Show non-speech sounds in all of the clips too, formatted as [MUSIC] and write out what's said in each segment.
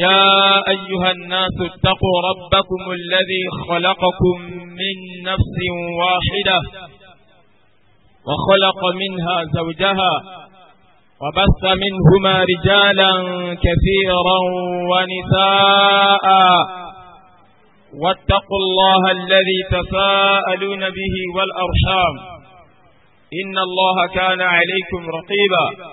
يا أيها الناس اتقوا ربكم الذي خلقكم من نفس واحدة وخلق منها زوجها وبث منهما رجالا كثيرا ونساء واتقوا الله الذي تساءلون به والأرشام إن الله كان عليكم رقيبا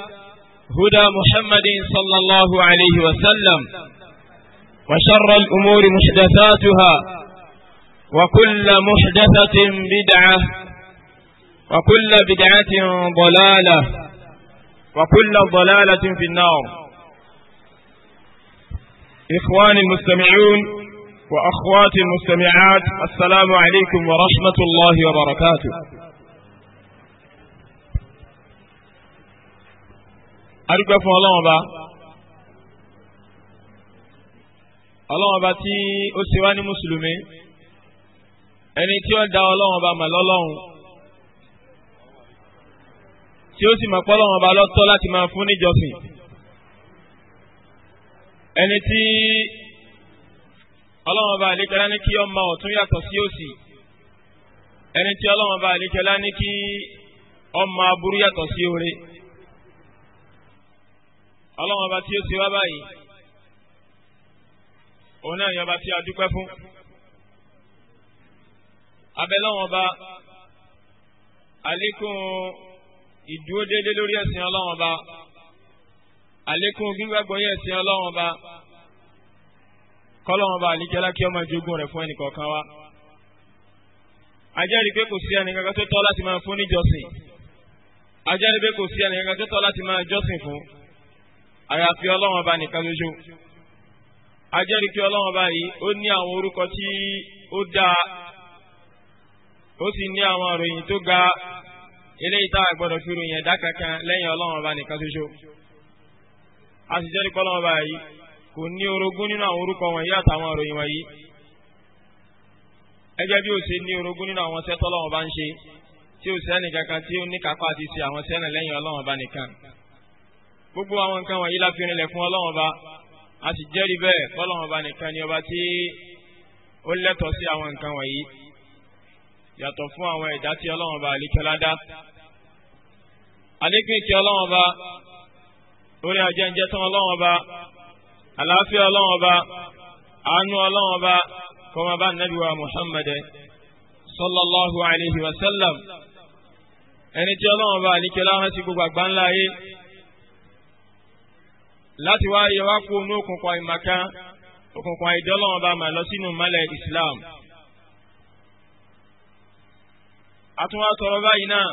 هدى محمد صلى الله عليه وسلم وشر الأمور محدثاتها وكل محدثة بدعة وكل بدعة ضلالة وكل ضلالة في النار إخواني المستمعون وأخواتي المستمعات السلام عليكم ورحمة الله وبركاته adúpẹ́ fún ọlọ́run ọba ọlọ́run ọba tí ó ṣe wá ní mùsùlùmí ẹni tí ó dá ọlọ́run ọba mà lọ́lọ́run tí ó sì mọ̀ pé ọlọ́run ọba lọ́tọ́ láti máa fún níjọsìn ẹni tí ọlọ́run ọba àlékẹ́lá ní kí ọmọ ọ̀tún yàtọ̀ sí òsì ẹni tí ọlọ́run ọba àlékẹ́lá ní kí ọmọ aburú yàtọ̀ sí oore ọlọ́run ọba tí ó ṣe wá báyìí òun náà yọba tí a dúpẹ́ fún abẹ́lọ́run ọba àlékún ìdúró déédéé lórí ẹ̀sìn ọlọ́run ọba àlékún gbígbàgbọ́ yẹn ẹ̀sìn ọlọ́run ọba kọ́lọ́run ọba àlíkẹ́lá kí ọmọ ìjogún rẹ̀ fún ẹnìkọ̀ọ̀kan wa ajẹ́rìí pé kò sí ẹnìkankan tó tọ́ láti máa fún níjọsìn ajẹ́rìí pé kò sí ẹnìkankan tó tọ́ láti máa jọ́sìn fún àyàfi ọlọ́run ọba nìkan ṣoṣo ajẹ́rìí pé ọlọ́run ọba yìí ó ní àwọn orúkọ tí ó dáa ó sì ní àwọn ìròyìn tó ga eléyìí tá a gbọ́dọ̀ fi ròyìn ẹ̀dá kankan lẹ́yìn ọlọ́run ọba nìkan ṣoṣo a sì jẹ́rìí pé ọlọ́run ọba yìí kò ní orogún nínú àwọn orúkọ wọ̀nyí àtàwọn ìròyìn wọ̀nyí ẹgẹ́ bí ó ṣe ní orogún nínú àwọn iṣẹ́ tọ́lọ́run ọba ń ṣe tí ó sẹ́ni kankan tí ó ní kápá àti ṣe àwọn iṣẹ́ lẹ́yìn ọlọ́run ọba nìkan gbogbo àwọn nǹkan wọ̀nyí la fi rinlẹ̀ fún ọlọ́run ọba a sì jẹ́rìí bẹ́ẹ̀ fọlọ́run ọba nìkan ni ọba tí ó lẹ́tọ̀ọ́ sí àwọn nǹkan wọ̀nyí yàtọ̀ fún àwọn ẹ̀dá tí ọlọ́run ọba àlékẹ́lá àlékún ìkẹ́ ọlọ́run ọba orí ajẹ́njẹ́ tán ọlọ́run ọba àlàáfíà ọlọ́run ọba àánú ọlọ́run ọba kọ́mọ bá nàbí wa Muhammad sallallahu alayhi wa sallam ẹni tí ọlọ́run ọba àlékẹ́lá hàn sí gbogbo àgbáńlá yìí láti wá yọ wá kú ní òkùnkùn àìmàkan òkùnkùn àìdọ́lọ́wọ́n bá mà lọ sínú mọ́lẹ̀ Islam. àtúnwá sọ̀rọ̀ báyìí náà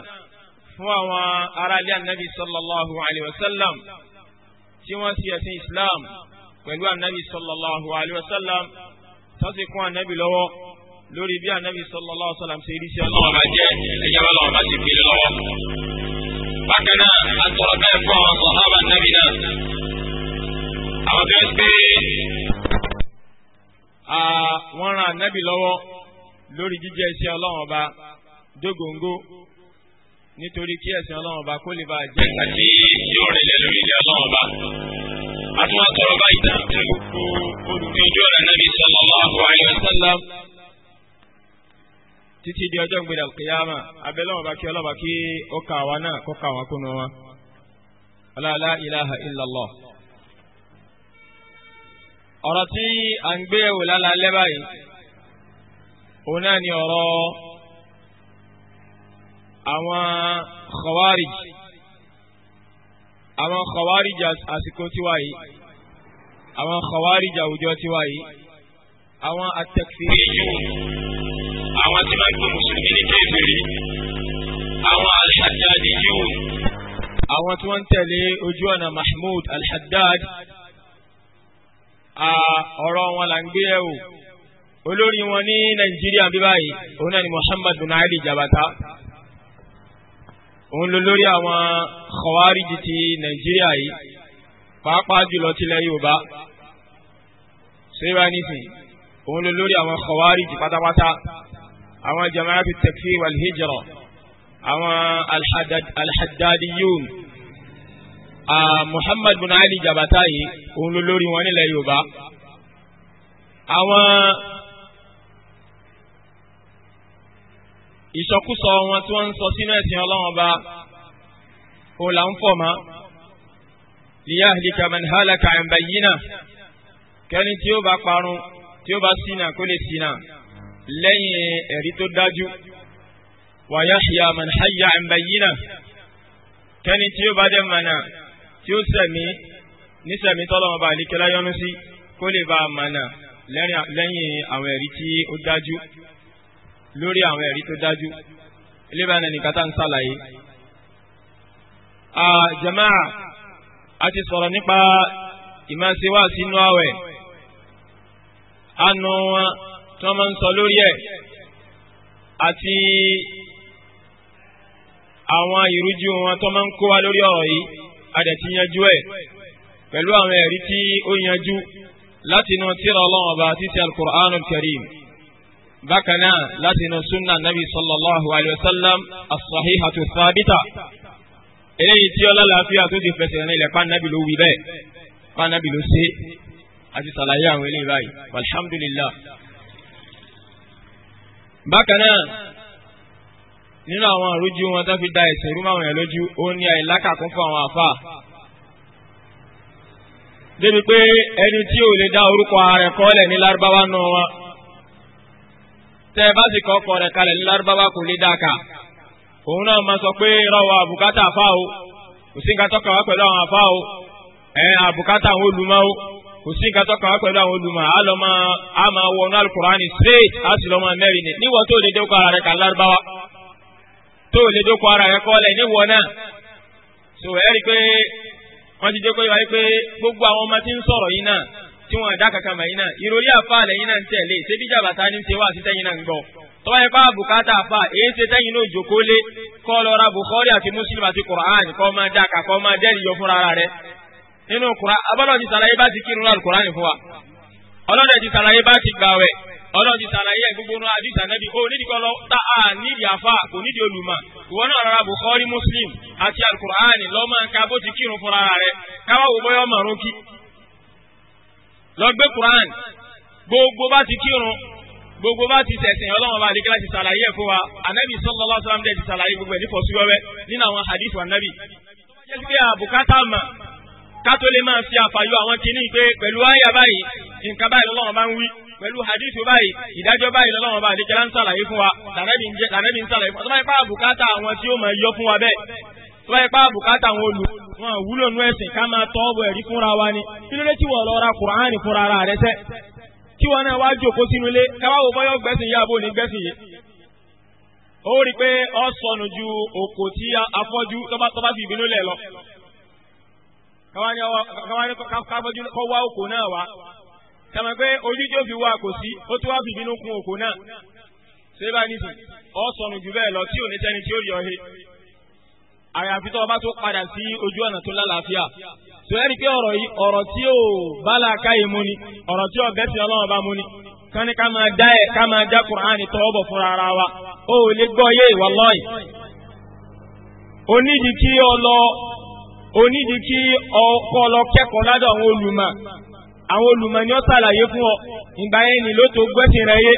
fún àwọn aráalé ànábì sallallahu alayhi wa sallam tí wọ́n sì ẹ̀sìn Islam pẹ̀lú ànábì sallallahu alayhi wa sallam tó sì ànábì lọ́wọ́ lórí bí ànábì sallallahu sallam ṣe rí sí ọlọ́wọ́ bá jẹ́ ẹ̀jẹ̀ bá lọ́wọ́ bá ti fi lọ́wọ́. bákan náà a sọ̀rọ̀ bẹ́ẹ̀ fún àwọn sọ̀hábà ànábì náà àwọn tó ń pè é wọ́n ran ànábì lọ́wọ́ lórí jíjẹ́ iṣẹ́ ọlọ́run ọba dógóńgó nítorí kí ẹ̀sìn ọlọ́run ọba kó lè bá jẹ́ ìgbà tí yóò ọba. a tún wá tọrọ báyìí tán fún gbogbo olùgbé di ọjọ́ ìgbéra kìyàmà abẹ́lẹ́wọ̀n kí kí ó kà wá náà kó kà ilaha illallah. ọ̀rọ̀ tí a ń gbé ẹ̀wò lálálẹ́ báyìí òun náà ni ọ̀rọ̀ àwọn khawarij àwọn khawarij àsìkò tiwa yìí àwọn khawarij àwùjọ tiwa yìí àwọn atẹ̀kìrì àwọn tí máa gbé mùsùlùmí ní kéèfèrè àwọn alhaddad yìí àwọn tí wọ́n ń tẹ̀lé ojú ọ̀nà mahmud alhaddad ọ̀rọ̀ wọn là ń gbé ẹ̀wò olórí wọn ní nàìjíríà bí báyìí òun náà ni Muhammad bin Ali Jabata òun ló lórí àwọn khawarij ti nàìjíríà yìí pàápàá jùlọ tilẹ̀ yorùbá ṣéwà nísìn òun ló lórí àwọn khawarij pátápátá àwọn jamaatu takfir wal hijra àwọn alhadadiyun. Al Ah, Muhammad bin Ali Jabata yìí òun ló lórí wọn nílẹ̀ Yorùbá àwọn ìsọkúsọ wọn tí wọ́n ń sọ sínú ẹ̀sìn Ọlọ́run ọba òun là ń fọ̀ mọ́ liyahlika man halaka an bayyina kẹ́ni tí ó bá parun tí ó bá ṣìnà kó lè ṣìnà lẹ́yìn ẹ̀rí tó dájú wa yahya man hayya an bayyina tí ó bá dẹ̀ mọ̀nà tí ó sẹ̀mí nísẹ̀mí tọ́lọ́mọba àlékẹ́lá yọ́nú sí kó lè bá a mọ̀nà lẹ́yìn àwọn ẹ̀rí tí ó dájú lórí àwọn ẹ̀rí tó dájú ilé bá nẹni kátà ń sàlàyé. jama'a a ti sọ̀rọ̀ nípa ìmọ̀síwá sínú àwẹ̀ anu wọn tí wọ́n máa ń sọ lórí ẹ̀ àti àwọn ìrújú wọn tó máa ń kó wa lórí ọ̀rọ̀ yìí adẹ̀tí yanjú ẹ̀ pẹ̀lú àwọn ẹ̀rí tí ó yanjú láti inú tírà ọlọ́run ọba títí al-Qur'an al-Karim bákan náà láti inú sunna nabi sallallahu alayhi wa sallam as-sahihatu thabita eléyìí tí ọlá làáfíà tó ti fẹsẹ̀ nílẹ̀ pàǹdàbí ló wí bẹ́ẹ̀ pàǹdàbí ló ṣe àti sàlàyé àwọn eléyìí báyìí alhamdulillah. bákan náà nínú àwọn àrújú wọn tó fi da ẹ̀sìn rú máwọn yẹn lójú ó ní àìlákàkún fún àwọn àfà débi pé ẹni tí ò lè dá orúkọ ààrẹ kọ́lẹ̀ ní lárúbáwá nù wọn tẹ bá sì kọ́ ọkọ rẹ̀ kalẹ̀ ní lárúbáwá kò lè dá kà òun náà máa sọ pé rọwọ àbùkátà àfà o kò sí nǹkan tọ́ka wá pẹ̀lú àwọn àfà o ẹ àbùkátà àwọn olùmọ̀ o kò sí nǹkan tọ́ka wá pẹ̀lú àwọn olùmọ̀ á lọ máa á máa wọnú alukurani straight á sì lọ máa mẹ́rin ní níwọ̀n tó lè dé orúkọ ààrẹ kà lárúbáwá. tó lè dókò ara rẹ̀ kọ́lẹ̀ níwọ̀ náà so ẹ rí i pé wọ́n ti jẹ́ pé wáyé pé gbogbo àwọn ọmọ tí ń sọ̀rọ̀ yìí náà tí wọ́n dá kankan mọ̀ yìí náà ìròyìn àfàlẹ̀ yìí náà ń tẹ̀lé ṣébí jàbàtà ní ṣe wá sí tẹ́yìn náà ń gbọ́ tọ́wọ́ ipá bùkátà àfà èyí ṣe tẹ́yìn náà lé kọ́ lọ ra Bukhari àti Muslim àti Qur'an kọ́ máa dá máa fúnra nínú Qur'an sàlàyé bá ti kírun lọ́rùn Qur'an fún wa ọlọ́run ti sàlàyé ẹ̀ gbogbo náà àdìsá nẹ́bí ó nídìí kọ́ lọ tá a nídìí àfa kò nídìí olùmọ̀ ìwọ náà rárá Bukhari Muslim àti alukur'ani lọ́mọ nǹka bó ti kírun fúnra rẹ̀ káwá wò bọ́yọ́ mọ̀rún kí. lọ gbé Qur'an gbogbo bá ti kírun gbogbo bá ti sẹ̀sìn ọlọ́run bá àdìgẹ́lá ti sàlàyé ẹ̀ fún wa anabi sallallahu alaihi wasallam dẹ̀ ti sàlàyé gbogbo ẹ̀ nífọ̀síwẹ́wẹ́ nínú àwọn hadith wa nabi kátó lè máa fi àfàyọ àwọn kinní pé pẹ̀lú àyà báyìí nǹkan báyìí lọ́wọ́ máa ń wí pẹ̀lú hadithu báyìí ìdájọ́ báyìí lọ́wọ́ bá àdékẹ́lá ń sàlàyé fún wa tànẹ́bí ń sàlàyé fún wa tó bá yẹ pa àbùkátà àwọn tí ó máa yọ fún wa bẹ́ẹ̀ tó bá yẹ pa àbùkátà àwọn olù wọn wúlò nú ẹ̀sìn ká máa tọ́ ọ̀bọ̀ ẹ̀rí fúnra wa ni kí ló dé tí wọ́n lọ kùránì fúnra ara rẹ sẹ́ tí wọ́n náà wá jòkó sínú ilé káwáwo bọ́yọ̀ gbẹ́sìn yá bò ní yìí ó rí i pé ọ sọnù ju òkò tí afọ́jú tọ́ba fi ìbínú lẹ̀ lọ káwájú kọ́ wá òkò náà wá tẹ̀mọ̀ pé ojú tí ó fi wá kò sí ó tún wá fi bínú kún òkò náà ṣé bá ní sùn ọ sọnù jù bẹ́ẹ̀ lọ tí ò ní sẹ́ni tí ó rí ọ he àyàfi tó o bá tó padà sí ojú ọ̀nà tó lálàáfíà tó ẹ̀rí pé ọ̀rọ̀ yìí ọ̀rọ̀ tí ò bá làákàyè mu ni ọ̀rọ̀ tí ọ̀bẹ ti ọlọ́run bá mu ni kan ní ká máa dá ẹ̀ ká máa já kùránì tọwọ́ bọ̀ fúnra ara wa ó lè gbọ́ yé ìwà onídìí kí ọ lọ ó nídi kí ọkọ lọ kẹ́kọ̀ọ́ ládọ̀ àwọn olùmọ̀ àwọn olùmọ̀ ni ó ṣàlàyé fún ọ ìgbà yẹn ni ló tó gbẹ́sìn rẹ yé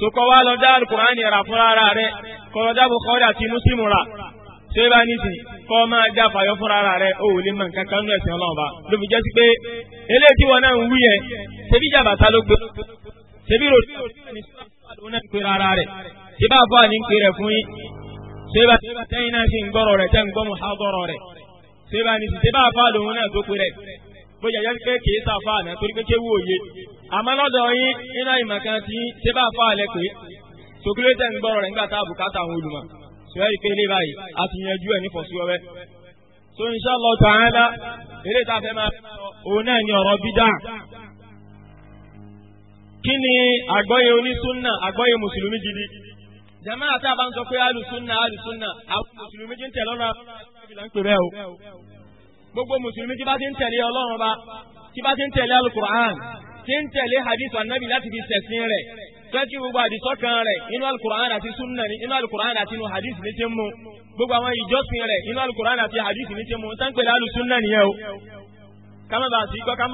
sokọ wa lọ dá alukur'ani rà fúnra ara rẹ kọ lọ dábò kọ́ dà ti muslim rà ṣé bá ní sìn kọ́ máa já fàyọ fúnra ara rẹ ó lè mọ nǹkan kan ní ẹ̀sìn ọlọ́run bá ló fi jẹ́ sí pé eléyìí tí wọn náà ń wí yẹn ṣebí jàbàtà ló gbé ṣebí rò ló bá fọ́ àní ń pè rẹ fún yín ṣé bá tẹ́yìn náà sì ń gbọ́rọ̀ rẹ tẹ́ ń gbọ́ mu há gbọ́rọ̀ rẹ. seba ni sise bá fa lòun náà tó péré bó yẹ pé kì í sá fa àná torí pé maka òye àmọ́ lọ́dọ̀ yín iná ìmọ̀ kan ti seba fa alẹ́ pé sokule tẹ̀ ń gbọ́rọ̀ rẹ̀ nígbà tá a bùkátà àwọn olùmọ̀ sọ pé a ti yanjú ẹ̀ ní fọ̀síwẹ́wẹ́ eré fẹ́ máa òun náà ni ọ̀rọ̀ kí ni àgbọ́yé àgbọ́yé mùsùlùmí jama àti àbámu sọ pé alùsùnà alùsùnà àwọn mùsùlùmí ti ń tẹ̀lé ọlọ́run àbílà ń pè bẹ́ẹ̀ o gbogbo mùsùlùmí tí bá ti ń tẹ̀lé ọlọ́run ọba tí bá ti ń tẹ̀lé alukur'an tí ń tẹ̀lé hadith anabi láti fi ṣẹ̀sìn rẹ̀ fẹ́ẹ́tì gbogbo àdìsọ́kan rẹ̀ inú alukur'an àti sunna ni inú alukur'an àti inú hadith ni ti ń mu gbogbo àwọn ìjọsìn rẹ̀ inú alukur'an àti hadith ni ti ń mu sáńpẹ̀lẹ̀ alùsùnà nìyẹn o kámẹ́bà sí gbọ́ ká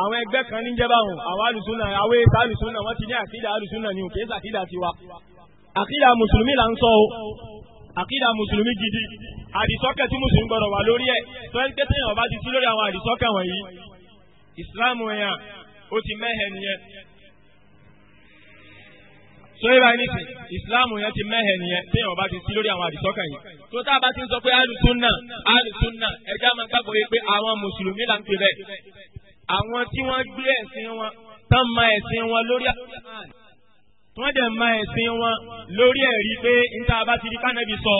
àwọn ẹgbẹ́ kan ní jẹ́bà hùn àwọn alùsùnà àwọn ètò alùsùnà wọ́n ti ní àkídà alùsùnà ni òkè sàkídà tiwa àkídà mùsùlùmí là ń sọ o àkídà mùsùlùmí gidi àdìsọ́kẹ̀ tí mùsùlùmí gbọ́dọ̀ wà lórí ẹ̀ tó ń tẹ́tẹ́ yàn bá ti sí lórí àwọn àdìsọ́kẹ̀ wọ̀nyí ìsìláàmù ẹ̀yàn ó ti mẹ́hẹ̀ nìyẹn sọ́yìn báyìí nìsín ìsìláàmù yẹn ti mẹ́hẹ̀ nìyẹn téèyàn bá ti sí lórí àwọn àdìsọ́kàn yìí. tó tá a bá ti ń sọ pé alùsùnà alùsùnà ẹja máa gbàgbọ́ yìí pé àwọn mùsùlùmí là ń pè bẹ́ẹ̀. àwọn tí wọ́n gbé ẹ̀sìn wọn tán máa ẹ̀sìn wọn lórí àdìsọ́kàn wọ́n dẹ̀ máa ẹ̀sìn wọn lórí ẹ̀rí pé níta bá ti di kánẹ́bì sọ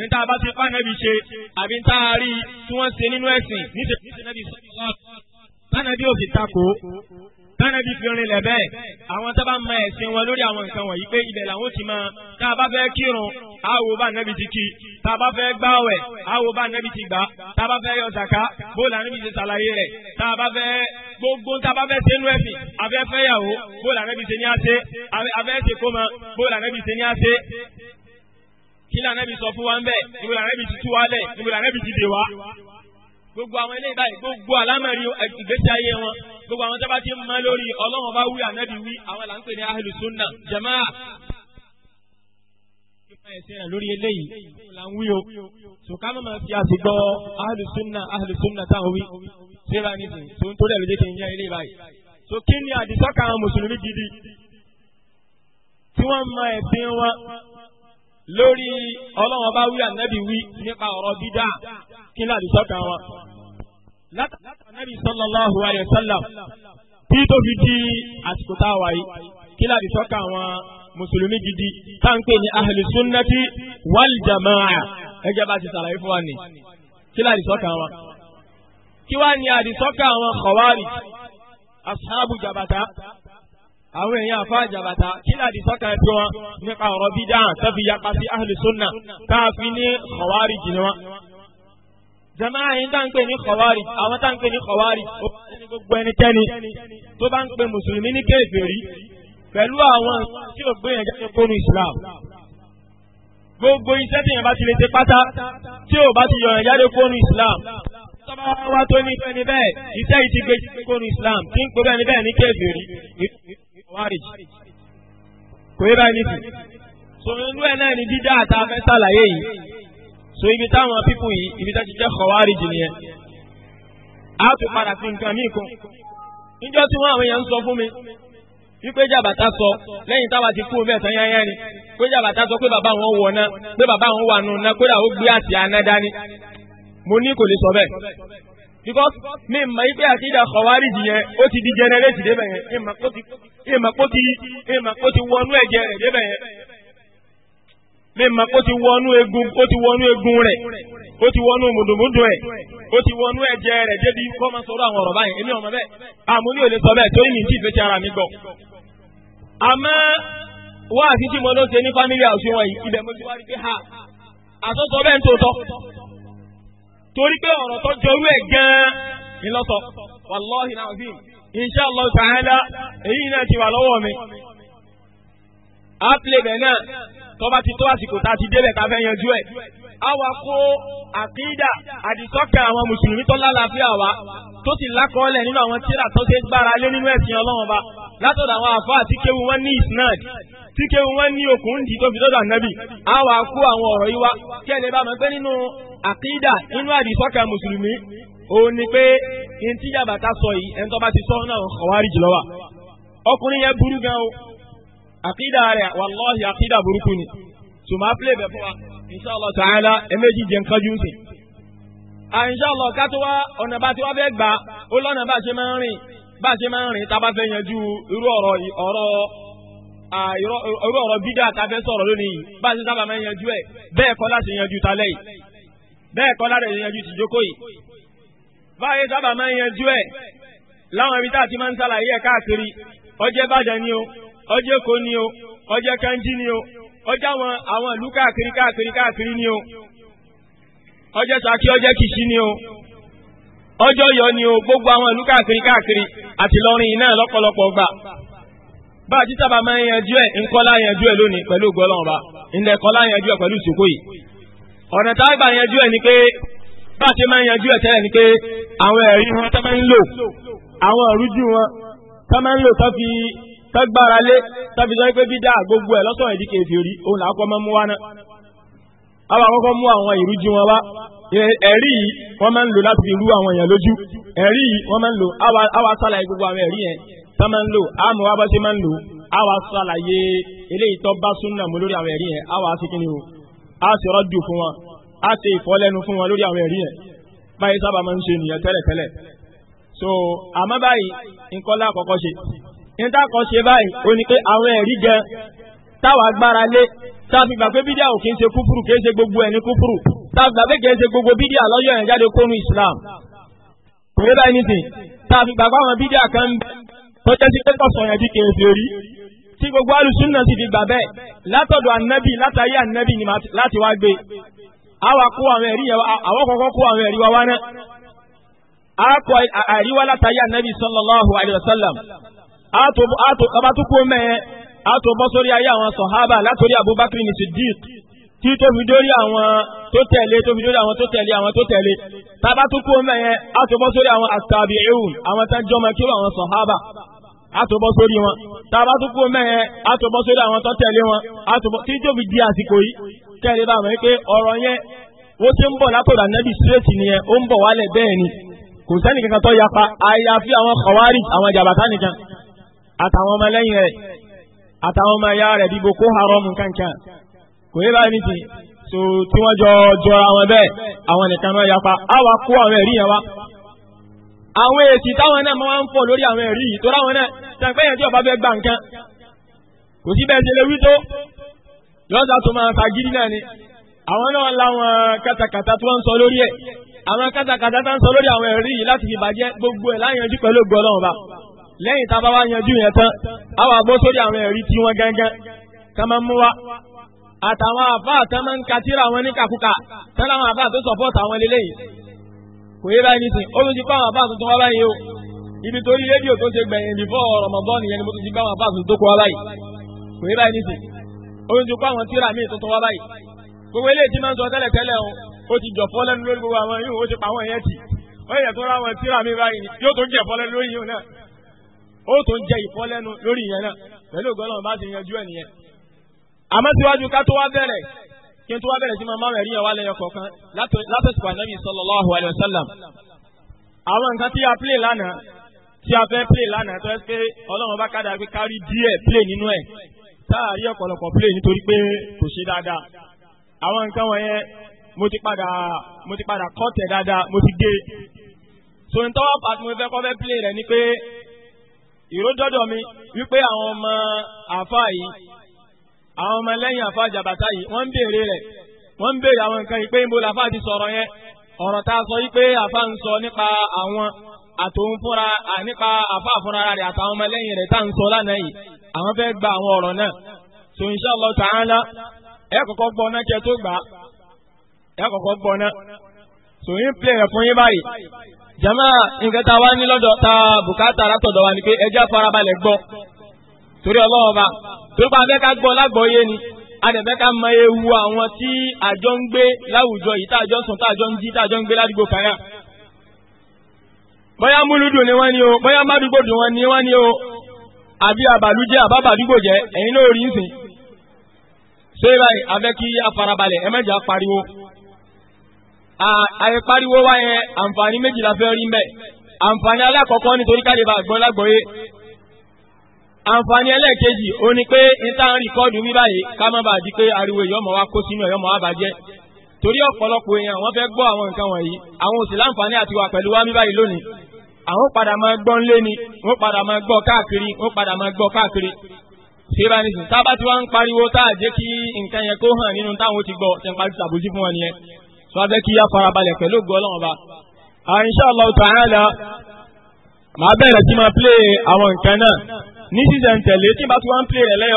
níta bá ti kánẹ́bì ṣe àbí níta rí tí wọ́n ṣe nínú ẹ̀sìn níṣẹ́nẹ́bì sọ kánẹ́bì ò fi takò kánẹ́bì fi rin lẹ́bẹ̀ àwọn tá bá máa ẹ̀sìn wọn lórí àwọn nǹkan wọ̀nyí pé ibẹ̀ làwọn ti máa tá a bá fẹ́ kírun àwo bá nẹ́bi ti kí tá a bá fẹ́ gbààwẹ̀ àwo bá nẹ́bi ti gbà tá a bá fẹ́ yọ gbogbo tá a bá fẹ́ ṣe nú ẹ̀sìn abẹ́ fẹ́yàwó bó lànà bí ṣe ní àṣẹ abẹ́ ṣe kó mọ bó lànà bí ṣe ní àṣẹ kí lànà bí sọ fún wa ń bẹ̀ níbo lànà bí ti tú wa lẹ̀ níbo lànà bí ti dè wa gbogbo àwọn ilé ìbáyìí gbogbo àlámọ̀rí ìgbésí ayé wọn gbogbo àwọn sábà ti ń mọ lórí ọlọ́run bá wí ànábì wí àwọn là ń ní ahlu sunna jamaa ẹ̀sẹ̀ rẹ̀ lórí eléyìí là ń wí o sùkà má máa fi àsìgbọ́ ahlùsúnà ahlùsúnà táwọn wí síra ní sùn tó ń tó dẹ̀ ló jẹ́ kí n yá ilé báyìí. so kí ni àdìsọ́kà àwọn mùsùlùmí gidi tí wọ́n mọ ẹ̀sìn wọn lórí ọlọ́wọ́n bá wí ànábì wí nípa ọ̀rọ̀ dídá kí ni àdìsọ́kà wọn. látàkùn ànábì sallallahu alaihi wasallam tí tó fi di àsìkò táwa yìí kí ni àdìsọ́kà wọn mùsùlùmí gidi tá ń pè ní ahlùsúnnàtì wàlìjàmáà ẹgbẹ́ bá ti sàlàyé fún wa ni kí láti sọ́kà wọn. kí wàá ní àdìsọ́kà àwọn kọ̀wárì asáàbù jàbàtà àwọn èèyàn àfa jàbàtà kí láti sọ́kà ẹ̀ tó wọn nípa ọ̀rọ̀ bídà tàbí yapa sí ahlùsúnnà tá a ní kọ̀wárì jìnnà wọn jamaa yìí tá n pè àwọn tá n pè ó bá ní gbogbo ẹnikẹ́ni tó bá ń pè mùsùlùmí ní kéèfèrí pẹ̀lú àwọn tí ò gbé yẹn jáde kónú Islam gbogbo iṣẹ́ tí yẹn bá ti lè ṣe pátá tí ò bá ti yọ yẹn jáde kónú Islam tọ́ba wa tó ní fẹ́ni bẹ́ẹ̀ iṣẹ́ yìí ti gbé kónú Islam tí ń pè bẹ́ẹ̀ ni bẹ́ẹ̀ ní kèfèrí wárìj kò yẹ báyìí nìsí so inú ẹ̀ náà ni dídá àti afẹ́sàlàyé yìí so ibi táwọn pípù yìí ibi tá ti jẹ́ kọ̀wárìj nìyẹn á tún padà sí nǹkan míì kan níjọ́ tí wọ́n àwọn èèyàn ń sọ fún mi wípé jàbàtà sọ lẹ́yìn táwa ti kú bẹ́ẹ̀ tán yányá ni pé jàbàtà sọ pé bàbá wọn wọ̀ ná pé bàbá wọn wà nù ná kódà ó gbé àti àná dání mo ní kò lè sọ bẹ́ẹ̀ because mi mọ̀ wípé àkídà kọ̀wárìjì yẹn ó ti di generate débẹ̀ yẹn ìmọ̀ kó ti wọnú ẹ̀jẹ̀ rẹ̀ débẹ̀ yẹn. mímọ̀ ó ti wọnú egun ó ti wọnú egun rẹ̀ ó ti wọnú mùdùmùdù ó ti wọnú eje re débi kọ́ máa sọ̀rọ̀ àwọn ọ̀rọ̀ báyìí èmi ọmọ bẹ́ẹ̀ àmúlí ò lè sọ bẹ́ẹ̀ tó yìí tí ìfẹ́ ti ara mi gbọ́. àmọ́ wá àti tí mo ló ṣe ní family wọn yìí ibẹ̀ mo ti wá rí pé ha àtọ́sọ bẹ́ẹ̀ ń tòótọ́ torí pé ọ̀rọ̀ tó jọrú ẹ̀ gan-an ìlọ́sọ wàlọ́hìn àfihàn tó bá ti tó àsìkò tá a ti débẹ̀ ká fẹ́ yanjú ẹ̀ á wá kó àkídà àdìsọ́kẹ́ àwọn mùsùlùmí tó lálàáfíà wa tó ti lákọọ́lẹ̀ nínú àwọn tíra tó ṣe gbára lé nínú ẹ̀sìn ọlọ́run ba látọ̀dọ̀ àwọn àfọ́ àti kéwu wọn ní isnad tí kéwu wọn ní okùn ń di tó fi dọ́dọ̀ ànábì á wá kó àwọn ọ̀rọ̀ yìí wá kí ẹ lè bá mọ̀ pé nínú àkídà nínú àdìsọ́kẹ́ mùsùlùmí òun ni pé ní sọ yìí ẹni tó bá ti sọ náà ọ̀wárí àkídà rẹ̀ wàlọ́ọ̀hì àkídà burúkú ni tó máa pílẹ̀ bẹ̀ fún wa inshallah ta'ala ẹ̀mẹ́jì jẹ́ nǹkan jù sí. à ah, inshallah ká tó wá ọ̀nà bá tí wá fẹ́ gbà ó lọ́nà bá ṣe máa ń rìn bá ṣe máa ń rìn tá a bá fẹ́ yanjú irú ọ̀rọ̀ irú ọ̀rọ̀ bídà tá a fẹ́ sọ̀rọ̀ lónìí bá ṣe sábà máa yanjú ẹ̀ bẹ́ẹ̀ kọ́ láti yanjú talẹ́ yìí bẹ́ẹ̀ kọ́ láti yanjú ọjọ́ èkó ni o ọjọ́ kanjí ni o ọjọ́ àwọn àwọn ìlú káàkiri káàkiri káàkiri ni o ọjọ́ saki ọjọ́ kìsí ni o ọjọ́ yọ ni o gbogbo àwọn ìlú káàkiri káàkiri àti lọrin yìí náà lọ́pọ̀lọpọ̀ gbà bá a ti sábà máa ń yanjú ẹ̀ ńkọ́lá yanjú ẹ̀ lónìí pẹ̀lú gbọ́lọ́ọ̀ba ńlẹ̀ kọ́lá yanjú ẹ̀ pẹ̀lú ìsòkò yìí ọ̀nà tá a gbà yanjú ẹ̀ ni pé bá a ti máa yanjú ẹ̀ tẹ́lẹ̀ ni pé àwọn ẹ̀rí wọn tá máa ń lò àwọn ọ̀rújú wọn tá máa ń lò tó fi tágbára lé tàbí sọ pé bídá gbogbo ẹ̀ lọ́sọ̀rọ̀ ìdí kèfèrí òun làákọ́ mọ́ mú wá náà àwọn àkọ́kọ́ mú àwọn ìrújú wọn wá ẹ̀rí yìí wọ́n máa ń lò láti rú àwọn èèyàn lójú ẹ̀rí yìí wọ́n máa ń lò àwa sàlàyé gbogbo àwọn ẹ̀rí yẹn tá máa ń lò àmọ́ wa bá ṣe máa ń lò àwa sàlàyé eléyìí tó bá súnà mú lórí àwọn ẹ̀rí yẹn àwa sì kíni o a sì rọ́dù fún wọn a sì ìfọ́lẹ́nu fún wọn lórí àwọn ẹ̀rí yẹn báyìí sábà máa ń ṣe nìyẹn tẹ́lẹ̀tẹ́lẹ̀ so àmọ́ báyìí nǹkan lákọ̀ọ́kọ́ ṣe ìtàkọ̀ ṣe báyìí ó ní pé àwọn ẹ̀rí gan táwa gbára lé táàbí gbà pé bídíà ò kí ń ṣe kúfùrù kì í ṣe gbogbo ẹni kúfùrù táàbí pé kì í ṣe gbogbo bídíà lọ́yọ̀ ẹ̀ jáde kónú Islam kò yẹ báyìí nìsín táàbí gbà pé àwọn bídíà kan ń bẹ tó jẹ́ sí pé kọ̀sọ̀ yẹn di kèfèrí tí gbogbo alùsùn náà sì fi gbà bẹ́ẹ̀ látọ̀dọ̀ ànábì látàrí ànábì ni láti wá gbé àwa kó àwọn ẹ̀rí yẹn àwọn kọ̀ọ̀kan kó àwọn sallallahu alaihi wasallam àtòkábátókù mẹ́ẹ̀ àtòbọ́ sórí ayé àwọn sọ̀hábà látòrí Abubakar ní Siddiq tí tó fi dórí àwọn tó tẹ̀lé tó fi dórí àwọn tó tẹ̀lé àwọn tó tẹ̀lé tábátókù mẹ́ẹ̀ àtòbọ́ sórí àwọn àtàbíùn àwọn tán jọmọ kí wọ́n àwọn sọ̀hábà àtòbọ́ sórí wọn tábátókù mẹ́ẹ̀ àtòbọ́ sórí àwọn tó tẹ̀lé wọn tí tó fi di àsìkò yìí kẹ́lẹ́ bá mọ̀ pé ọ̀rọ̀ yẹn ó ti ń bọ̀ látọ̀dọ̀ ànábì straight nìyẹn ó ń bọ̀ wálẹ̀ bẹ́ẹ̀ ni kò sẹ́ni kankan tó yapa àyàfi àwọn kọ̀wárì àwọn jàbátá nìkan àtàwọn ọmọ lẹ́yìn rẹ̀ àtàwọn ọmọ ẹ̀yà rẹ̀ bíi boko haram kankan kò yẹ báyìí nìsí so tí wọ́n jọ jọra wọn bẹ́ẹ̀ àwọn nìkan náà yapa á wá kó àwọn ẹ̀rí yẹn wá. àwọn èsì táwọn náà máa ń pọ̀ lórí àwọn ẹ̀rí yìí tó láwọn náà tẹ̀pẹ́ yẹn tí ọba fẹ́ gbà nǹkan kò sí bẹ́ẹ̀ ṣe lè wí lọ́sà tó máa ta gidi náà ni àwọn náà láwọn kátàkátà tí ń sọ lórí ẹ̀ àwọn kátàkátà tó ń sọ lórí àwọn ẹ̀rí yìí láti fi bàjẹ́ gbogbo ẹ̀ láyànjú pẹ̀lú ògbọ́ ọlọ́run bá lẹ́yìn tá a bá wá yanjú yẹn tán a wà bó sórí àwọn ẹ̀rí tí wọ́n gángan ká máa mú wa àtàwọn àfáà tán máa ń ka tíra wọn ní kàkúkà tán láwọn àfáà tó sọ̀pọ̀tì àwọn eléyìí kò yé báyìí nísìn ó tún ti bá àwọn àfáà tuntun wá báyìí o ibi torí rédíò tó ṣe gbẹ̀yìn bífọ́ Ramadan nìyẹn ni mo tún ti bá àwọn àfáà tuntun tó kọ wá báyìí kò yé báyìí nísìn ó tún ti bá àwọn tíra míì tuntun wá báyìí ó tó ń jẹ ìfọ́lẹ́nu lórí ìyẹn náà pẹ̀lú ògbọ́n bá ti yanjú ẹ̀ nìyẹn. àmọ́ síwájú ká tó wá bẹ̀rẹ̀ kí n tó wá bẹ̀rẹ̀ sí máa máa rẹ̀ ríyàn wá lẹ́yọ kọ̀ọ̀kan látọ̀síkò ànábì sallallahu alaihi wasallam. àwọn nǹkan tí a plé lánàá tí a fẹ́ plé lánàá tó ẹ pé ọlọ́run bá kádà pé kárí díẹ̀ plé nínú ẹ̀ táàrí ọ̀pọ̀lọpọ̀ plé nítorí pé kò ṣe dáadáa. àwọn nǹkan wọ̀nyẹn mo ti padà mo ti padà kọ́ tẹ̀ dáadáa mo ti gé. so n tọ́wọ́ pàtó mo fẹ́ kọ́ fẹ́ plé rẹ̀ ni pé ìró dọ́dọ̀ mi wípé àwọn ọmọ àfa yìí àwọn ọmọ lẹ́yìn àfa jàbàtà yìí wọ́n ń béèrè rẹ̀ wọ́n ń béèrè àwọn nǹkan yìí pé níbo làfa ti sọ̀rọ̀ yẹn ọ̀rọ̀ tá a sọ yìí pé àfa ń sọ nípa àwọn àtòun fúnra nípa àfa fúnra rẹ̀ àtàwọn ọmọ lẹ́yìn rẹ̀ tá à ń sọ lánàá yìí àwọn fẹ́ gba àwọn ọ̀rọ̀ náà so inshallah ta'ala ẹ kọ́kọ́ gbọ́ náà kẹ́ tó gbà ẹ kọ́kọ́ gbọ́ so yín pè é fún jama nǹkan tá a wá ní lọ́dọ̀ tá a bùkátà látọ̀dọ̀ wa ni pé ẹjẹ́ farabalẹ̀ gbọ́ torí ọlọ́wọ́ bá torí pa abẹ́ká gbọ́ lágbọ́yé ni adẹ̀bẹ́ká mọ ewu àwọn tí àjọ ń gbé láwùjọ yìí táàjọ ń sùn táàjọ ń jí táàjọ ń gbé ládùúgbò kan náà bóyá múlùdùn ni wọ́n ni o bóyá mádùúgbò wọn ni wọ́n ni o àbí àbàlújẹ́ àbábàdúgbò jẹ́ ẹ̀yin náà rí ń ṣé báyìí abẹ́kí afarabalẹ̀ ẹ mẹ́jà pariwo àyè pariwo wá yẹn àǹfààní méjì la fẹ́ rí mbẹ́ àǹfààní alákọ̀ọ́kọ́ nítorí ká lè bá gbọ́ lágbọ́yé àǹfààní ẹlẹ́ẹ̀kejì ó ní pé níta ń rìkọ́ọ̀dù mi báyìí ká má bàa di pé ariwo èyí ọmọ wa kó sínú ẹ̀yọ́ ọmọ wa bàjẹ́ torí ọ̀pọ̀lọpọ̀ èèyàn wọ́n fẹ́ gbọ́ àwọn nǹkan wọ̀nyí àwọn òsì láǹfààní àti wà pẹ̀lú wa mi báyìí lónìí àwọn padà máa gbọ́ ńlé ni wọ́n padà máa gbọ́ káàkiri wọ́n padà máa gbọ́ káàkiri ṣéra ní sùn tábà tí wọ́n ń pariwo tá a jẹ́ kí nǹkan yẹn kó hàn nínú táwọn ti gbọ́ sọ abẹ́ kí yá farabalẹ̀ pẹ̀lú ògùn ọlọ́run ọba. insha Allah ta'ala bẹ̀rẹ̀ sí ma play àwọn nǹkan náà ní season tẹ̀lé tí bá ti wá play rẹ̀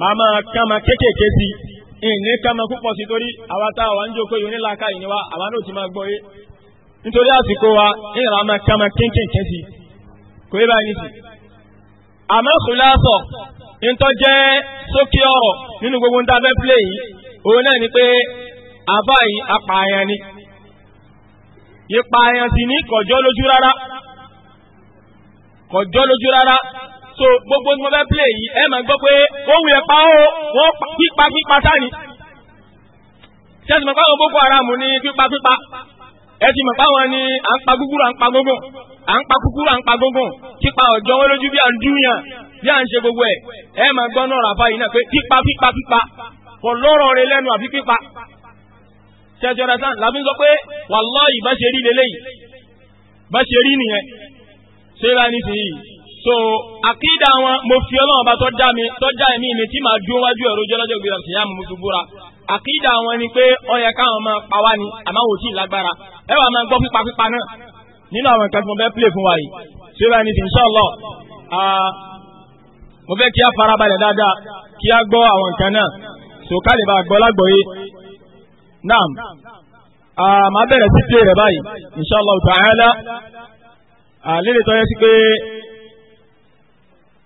máa kán máa kéékèèké sí ní ká púpọ̀ sí torí ń jókòó ni wa náà ti ma gbọ́ yé nítorí àsìkò wa ìrà ma ká máa kéékèèké sí kò yé báyìí nìsí. àmọ́ sókè ọ̀rọ̀ nínú gbogbo àbá yìí apààyàn ni ìpààyàn sì ní kọjọ́ lójú rárá kọjọ́ lójú rárá so gbogbo tí mo fẹ́ play yìí ẹ máa gbọ́ pé ohun ẹ̀pá ó wọ́n pípa pípa sáni ṣé mọ̀ pé boko haram ní pípa pípa ẹ ti mọ̀ pé àwọn ni à ń pa gúgúrú à ń pa gógùn à ń pa kúkúrú à ń pa gógùn pípa ọ̀jọ́ wọn lójú bí à ń dúyàn bí à ń ṣe gbogbo ẹ̀ ẹ máa gbọ́ náà ràbá yìí náà pé pípa pípa pípa kò lọ́rọ̀ rẹ lẹ́nu àbí pípa tẹ́tí ọ̀dà sàn làbí ń sọ pé wàláhì bá ṣe rí lélẹ́yìn bá ṣe rí nìyẹn ṣé bá ní sìn yìí so àkídà wọn mo fi ọlọ́run bá tọ́ mi tọ́ dá ẹ̀mí tí màá dún wájú ẹ̀rọ ojú ọlọ́jọ́ gbé ọ̀sẹ̀ yá mo àkídà wọn ni pé ó yẹ káwọn máa pa wá ni àmọ́ wò tí ì lágbára ẹ wà máa gbọ́ pípa pípa náà nínú àwọn nǹkan tí mo fẹ́ play fún wa yìí ṣé bá ní sìn inshallah mo fẹ́ kí a farabalẹ̀ dáadáa kí a gbọ́ àwọn nǹkan náà so ká lè bá gbọ́ lágbọ́yé naam màá bẹ̀rẹ̀ sí pé rẹ̀ báyìí inshallah ta'ala lílẹ̀ tó yẹ sí pé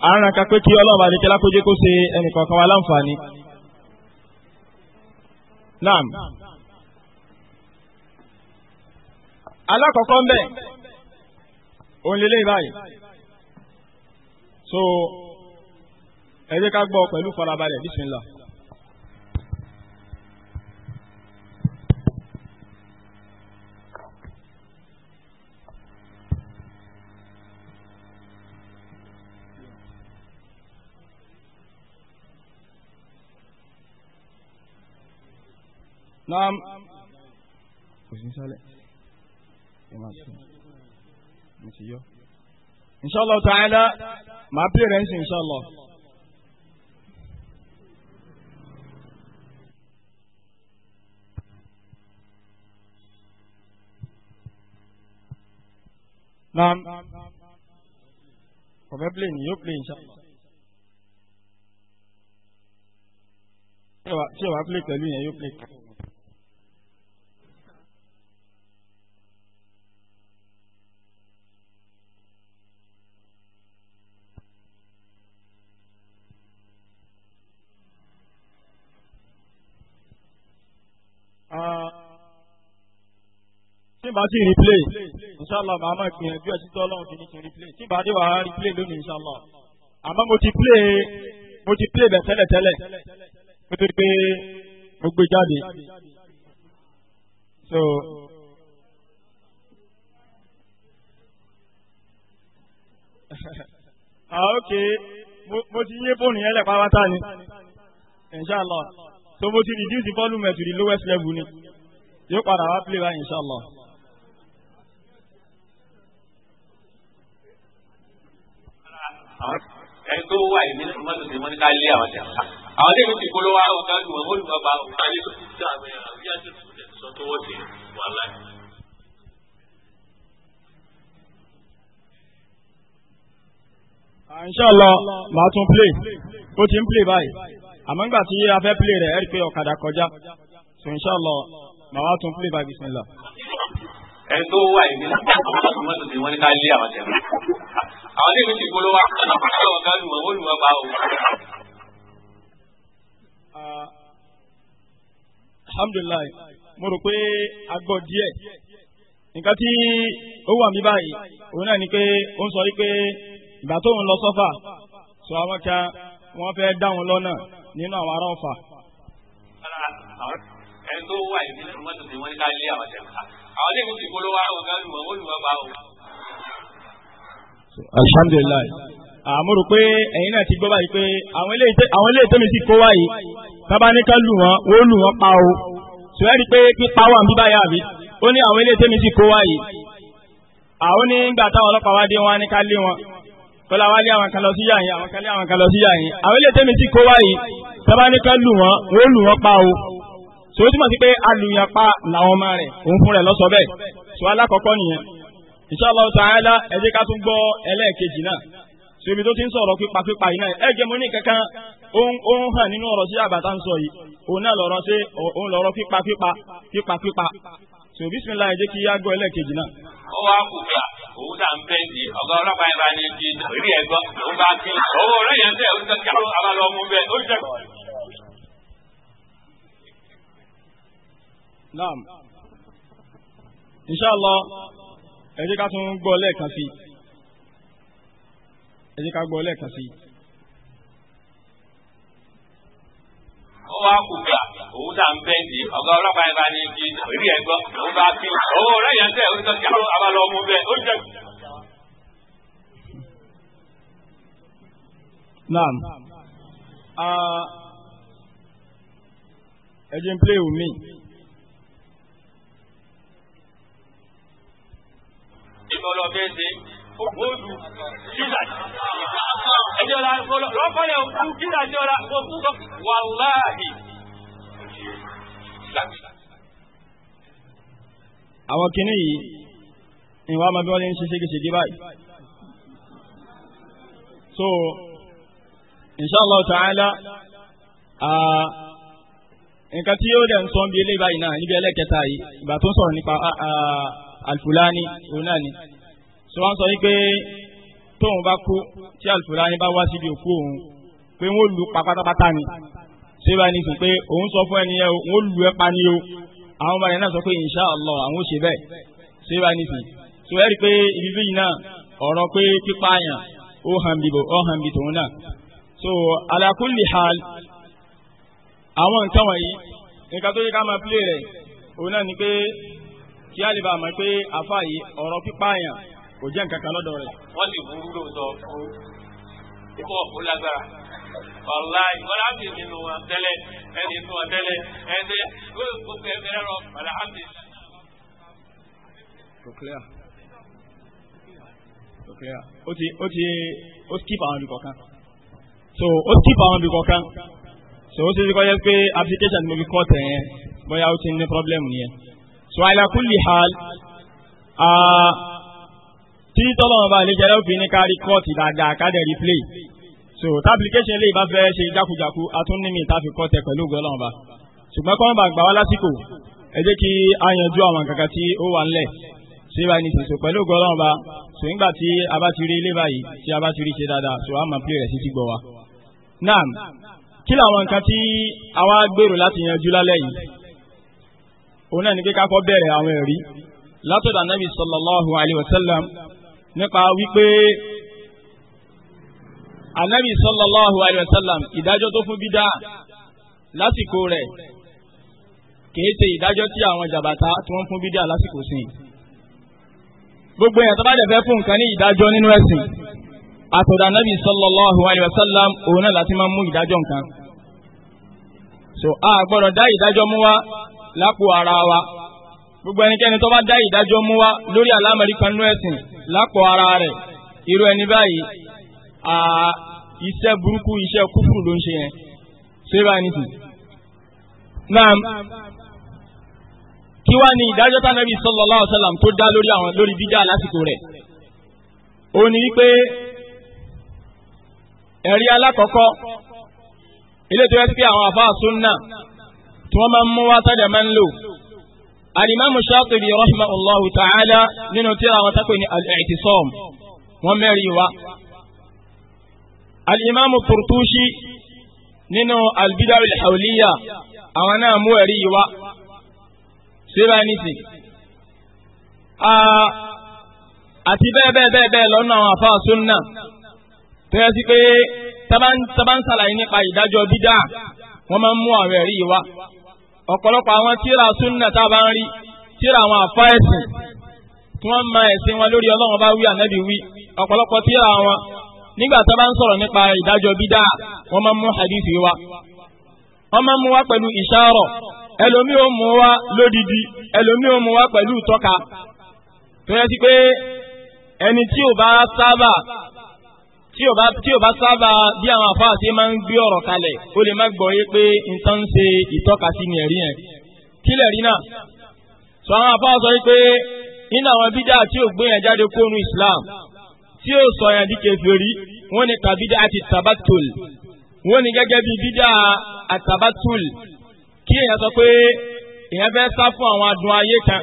àárín kan pé kí ọlọ́ọ̀bà ní kíláà kójú kó ṣe ẹnìkọ̀ọ̀kan wa láǹfààní. naam alákọ̀ọ́kọ́ ń bẹ̀ òun lè léyìí báyìí so ẹ jẹ́ ká gbọ́ pẹ̀lú farabalẹ̀ bismillah. naam kò sí sálẹ̀ ẹ máa sùn mo ti yọ. inshallah ta'ala màá pè rẹ̀ ń sìn inshallah. naam kò fẹ́ play ni yóò play inshallah. tí o bá play pẹ̀lú yẹn yóò play kàn. Ah, tí n bá sì replay inshallah màá máa gbìyànjú ẹ títọ́ ọlọ́run fi ní kí n replay tí n bá dé wàá replay lónìí inshallah àmọ́ mo ti play mo ti play bẹ̀ tẹ́lẹ̀tẹ́lẹ̀ nítorí pé mo gbé jáde so. [LAUGHS] ah ok mo ti yé fóònù yẹn lẹ̀ pátá ni inshallah so mo ti reduce the volume to the lowest level ni yóò padà wá play báyìí inshallah. ẹni tó wà yìí nínú mọ́tò tí wọ́n ní ká lé àwọn jà. àwọn tí mo ti polówó àwọn kan dùn wọ́n lùgbà bá wọn. àyè tó ti dá àmì àbí àti ìtúndẹ̀ sọ tó wọ́n ti wà láì. Ah, inshallah màá tún play ó ti ń play báyìí àmọ́ nígbà tí a fẹ́ play rẹ̀ ẹ́ pé ọ̀kadà kọjá so inshallah màá wá tún play by bismillah. ẹ tó wà ìdí láti ọmọ tó ti wọn ní ká lé àwọn tẹ àwọn tẹ̀mí ti polówó àkànná pàṣẹ ọ̀gá lùmọ̀ ó lùmọ̀ pa o. Ah, alhamdulilayi mo rò pé a gbọ́ díẹ̀ nǹkan tí ó wà mí báyìí òun náà ni pé ó ń sọ wípé ìgbà tó ń lọ sọ́fà sọ àwọn kan wọ́n fẹ́ dá wọn nínú àwọn ará ọ̀fà. ẹni tó wà yìí nínú mọ́tò tí wọ́n ní ká lé àwọn tẹ̀ àwọn ilé ìwé ìpolówó àwọn ọ̀gá olùmọ̀ olùmọ̀ bá wọn. alhamdulilayi àmọ́ rò pé ẹ̀yin náà ti gbọ́ báyìí pé àwọn ilé ìtẹ́mi sì kó wáyìí tábà ní ká lù wọ́n ó lù wọ́n pa o sọ ẹ́ rí i pé pípa wà ń bíbá yà àbí ó ní àwọn ilé ìtẹ́mi sì kó wáyìí àwọn onígbà táwọn ọlọ́pàá wá dé wọn á ní ká lé wọn kọ́lá wálé àwọn kan lọ sí yà yín àwọn kan lé àwọn kan lọ sí yà yín àwọn ilé tẹ́mi tí kó wáyìí tọ́ba ní ká lù wọ́n wọ́n lù wọ́n pa o sọ túmọ̀ sí pé alùyàn pa làwọn ọmọ rẹ̀ òun fún rẹ̀ lọ́sọ̀ bẹ́ẹ̀ sọ alákọ̀ọ́kọ́ nìyẹn inshallah ta'ala ẹ jẹ́ ká tún gbọ́ ẹlẹ́ẹ̀kejì náà sọ ibi tó ti ń sọ̀rọ̀ pípa pípa yìí náà ẹ jẹ́ mo ní kankan ó ń hàn nínú ọ̀rọ̀ sí àbàtà ń sọ yìí òun náà lọ̀rọ̀ ṣe òun lọ̀rọ̀ pípa pípa pípa pípa sọ bismillah ẹ jẹ́ kí yá gbọ́ ẹlẹ́ẹ̀kejì náà. ó wá kù òun náà ń bẹ ní ọ̀gá ọlọ́pàá yẹn bá ní ti orí ẹ̀ gbọ́ òun bá kí owó orí yẹn tẹ̀ òun tẹ̀ka abalọ̀ ọmú bẹ́ẹ̀ ó jẹ́. naam inshallah ẹ jẹ́ ká tún gbọ́ lẹ́ẹ̀kan sí ẹ jẹ́ ká gbọ́ lẹ́ẹ̀kan sí i. ó wá kù gbà òun tà ń bẹ́ ní ọ̀gá ọlọ́pàá ẹ̀ka ní kí orí ẹ̀ gbọ́ òun bá kí owó lẹ́yìn ẹsẹ̀ òun tó kí abalọ̀ ọmú bẹ́ẹ̀ ó jẹ́. naam ẹ jẹ́ n play with me. ìbọn bẹ́ẹ̀ ṣe góòlù kílà ẹjọ́ la lọ́kọ́lẹ̀ òkú kílà tí ọ̀la òkú kọ́ wàláhì. àwọn kìnnì yìí ìwà máa bí wọ́n lè ń ṣe ṣégeṣége báyìí. so inshallah ta'ala nǹkan tí yóò dẹ̀ ń sọ bí eléyìí báyìí náà níbi ẹlẹ́kẹta yìí ìgbà tó ń sọ̀rọ̀ nípa alfulani òun sọ wá sọ wípé tóun bá kú tí alfulani bá wá síbi òkú òun pé wọ́n lù pa pátápátá ni ṣé bá ní sùn pé òun sọ fún ẹni yẹn wọ́n lù ẹ́ pa ni o àwọn ọmọ rẹ̀ náà sọ pé insha Allah àwọn ò ṣe bẹ́ẹ̀ ṣé bá ní sùn sọ ẹ́ rí pé ibi bíyìí náà ọ̀rọ̀ pé pípa àyàn ó hàn bíbò ó hàn bí tòun náà so ala kulli hal àwọn nǹkan wọ̀nyí nǹkan tó yẹ ká máa pílé rẹ̀ òun náà ni pé kí á lè bá a pé àfáà ọ̀rọ̀ pípa àyàn kò jẹ́ nǹkan kan lọ́dọ̀ rẹ̀. wọ́n sì burú lóòótọ́ fún ikú ọ̀pọ̀ lágbára ọ̀la ìwọ́lá ti nínú wọn tẹ́lẹ̀ ẹni nínú wọn tẹ́lẹ̀ ẹni gbogbo ẹgbẹ́ rọ ọ̀la á ti. kò clear kò clear ó ti ó ti ó skip àwọn olùkọ́ kan so ó skip àwọn olùkọ́ kan so ó ti kọ́ yẹ pé application ni mo fi kọ́ tẹ̀ yẹn bóyá ó ti ní problem yẹn so àìlà kúlì hàl tí tọ́lọ́wọ́n bá lè jẹ́rẹ́ òfin ní kárí kọ́ọ̀tì dáadáa kádẹ̀ rí so tábìlìkéṣin lè bá fẹ́ ṣe jákujàku atúnímì táfi kọ́ọ̀tẹ̀ pẹ̀lú gọ́lọ́wọ́n bá ṣùgbọ́n kọ́ńtà bá gbà wá lásìkò ẹ jẹ́ kí a yanjú àwọn kankan tí ó wà ńlẹ̀ ṣé báyìí ní sèso pẹ̀lú gọ́lọ́wọ́n bá so nígbà tí a bá ti rí ilé báyìí tí a bá ti rí ṣe dáadáa so a máa play rẹ̀ sí gbọ̀ wá. naam kí làwọn nǹkan tí àwa gbèrò láti yanjú lálẹ́ yìí òun náà ní kíkà kọ́ bẹ̀rẹ̀ àwọn ẹ̀rí látọ̀dọ̀ anábì sallallahu alayhi wa sallam nípa wípé anabi sallallahu alayhi wa sallam ìdájọ́ tó fún bídà lásìkò rẹ̀ kìí ṣe ìdájọ́ tí àwọn jàbàtà tí wọ́n fún bídà lásìkò sí i gbogbo èèyàn tó bá dẹ̀ fún nǹkan ní ìdájọ́ nínú ẹ̀sìn àtọ̀dọ̀ anabi sallallahu alayhi wa sallam òun náà láti máa mú ìdájọ́ nǹkan so a gbọ́dọ̀ dá ìdájọ́ mú wa lápò ara wa gbogbo ẹnikẹ́ni tó bá dá ìdájọ́ mú wa lórí àlámọ̀rí kan nínú ẹ̀sìn lápò ara rẹ̀ irú ẹni báyìí iṣẹ́ burúkú iṣẹ́ kúfùrù ló ń ṣe yẹn ṣé bá ní naam kí wá ní ìdájọ́ tánàbí sallallahu alaihi wasallam tó dá lórí àwọn lórí bídà lásìkò rẹ̀ ó ní wípé ẹ̀rí alákọ̀ọ́kọ́ ilé tó yẹ sí àwọn àfáà sunna tí wọ́n máa ń mú wá sájà máa ń lò alimami Shatibi rahimahullahu ta'ala nínú tírà àwọn tápẹ́ ní al-i'tisam wọ́n mẹ́rin wa alimami Qurtushi nínú al-bid'ah al-hawliya àwọn náà mú ẹ̀rí wa síra nìsí àti bẹ́ẹ̀ bẹ́ẹ̀ bẹ́ẹ̀ bẹ́ẹ̀ lọ́nà àwọn àfáà súnnà tó yẹ sí pé tábà nípa ìdájọ́ bídà wọ́n máa ń mú àwọn wa ọ̀pọ̀lọpọ̀ àwọn tíra súnà tá a bá ń rí tíra àwọn àfa ẹ̀sìn tí wọ́n ma ẹ̀sìn wọn lórí ọlọ́run bá wí ànábì wí ọ̀pọ̀lọpọ̀ tíra wọn nígbà tó bá ń sọ̀rọ̀ nípa ìdájọ́ bídà wọ́n máa ń mú hadithi wa wọ́n máa ń mú wa pẹ̀lú ìṣàrọ̀ ẹlòmí ò mú wa lódìdí ẹlòmí ò mú wa pẹ̀lú ìtọ́ka tó yẹ sí pé ẹni tí ò bá sábà tí o bá tí o bá sábà bí àwọn àfáà ṣe máa ń gbé ọ̀rọ̀ kalẹ̀ o lè má gbọ́ yé pé nǹkan ń ṣe ìtọ́ka ni ẹ̀rí yẹn kí lẹ̀rí náà sọ àwọn àfáà sọ pé nínú àwọn bídà tí o gbé yẹn jáde kónú Islam tí o sọ yẹn di kèfèrí wọ́n ní kàbídà àti tabatul wọ́n ní gẹ́gẹ́ bí bídà àtabatul kí èèyàn sọ pé èèyàn fẹ́ sá fún àwọn adùn ayé kan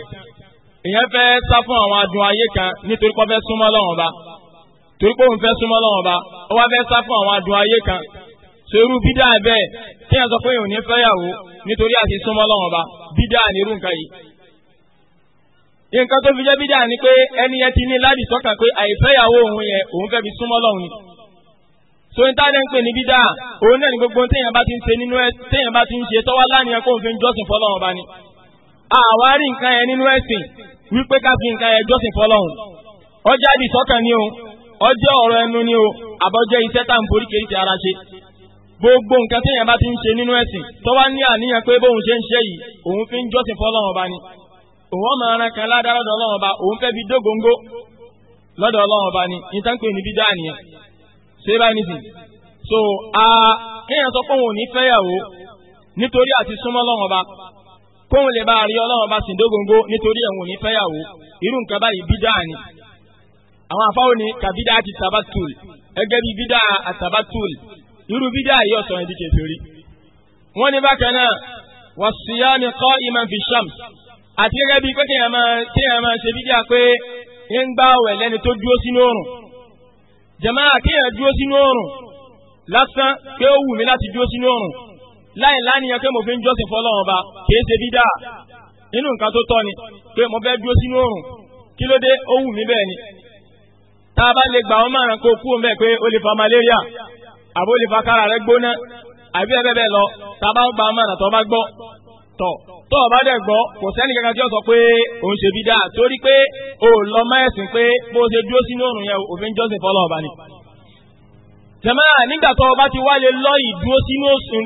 èèyàn fẹ́ sá fún àwọn adùn ayé kan nítorí pé súnmọ́ lọ́wọ́n ba torí pé òun fẹ́ súnmọ́ lọ́wọ́ bá ó wá fẹ́ sá fún àwọn adùn ayé kan ṣerú bídà bẹ́ẹ̀ kí ẹ sọ pé òun ní fẹ́yàwó nítorí àti súnmọ́ lọ́wọ́ bá bídà ní irú nǹkan yìí. nǹkan tó fi jẹ́ bídà ni pé ẹni yẹn ti ní láti sọ́kàn pé àìfẹ́yàwó òun yẹn òun fẹ́ fi súnmọ́ lọ́wọ́ ni. so n táyà ń pè ní bídà òun náà ní gbogbo téèyàn bá ti ń ṣe nínú ẹ téèyàn bá ti ń ṣe tọ́wá láníyàn kó ń ni. àwárí fi nǹkan jọ́sìn fọlọ́run ọjà ìdìsọ́kàn ni o ọjọ́ ọ̀rọ̀ ẹnu ni o àbọ̀jẹ́ iṣẹ́ tá à ń borí kéríkì ara ṣe gbogbo nǹkan téèyàn bá ti ń ṣe nínú ẹ̀sìn tó wá ní àníyàn pé bóun ṣe ń ṣe yìí òun fi ń jọ́sìn fọ́lọ́run ọba ni òun ọmọ ẹran kan ládàá ọlọ́run ọba òun fẹ́ dógóńgó lọ́dọ̀ ọlọ́run ọba ni nìyẹn ṣé so a kéèyàn sọ pé òun ò ní fẹ́yàwó nítorí àti súnmọ́ ọlọ́run ọba kóun lè bá rí ọlọ́run ọba sìn dógóńgó nítorí òun àwọn afáwọn ni kàbídà àti tabatul ẹgẹ́ bíi bídà àtabatul irú bídà yìí ọ̀sán ẹ̀dí kẹfẹ́rí. wọ́n ní bákan náà wọ́n sùyá mi kọ́ ìmọ̀ fi shams àti gẹ́gẹ́ bíi pé kéèyàn máa ṣe bídà pé ń gbá ọ̀wẹ̀ lẹ́ni tó dúró sínú oòrùn jàmáà kéèyàn dúró sínú oòrùn lásán pé ó wù mí láti dúró sínú oòrùn láì láníyàn pé mo fi ń jọ́sìn fọlọ́run ọba kìí ṣe bídà nínú nǹkan tó tọ́ ni pé mo fẹ́ dúró sínú oòrùn kí ló dé ó wù mí bẹ́ẹ̀ ni tá a bá lè gbà wọn mọ̀ràn kó kú mẹ́ pé ó lè fa malaria àbó lè fa kára rẹ gbóná àbí ẹ bẹ́ẹ̀ bẹ́ẹ̀ lọ tá a bá gbà wọn mọ̀ràn tó bá gbọ́ tọ̀ tó o bá dẹ̀ gbọ́ kò sẹ́ni kankan tí ó sọ pé òun ṣe bí dáa torí pé o lọ mọ́ ẹ̀sìn pé bó ṣe dúró sínú òrùn yẹn òfin jọ́sìn fọlọ́ ọba ni. jẹ̀mọ́ nígbà tó o bá ti wálé lọ ìdúró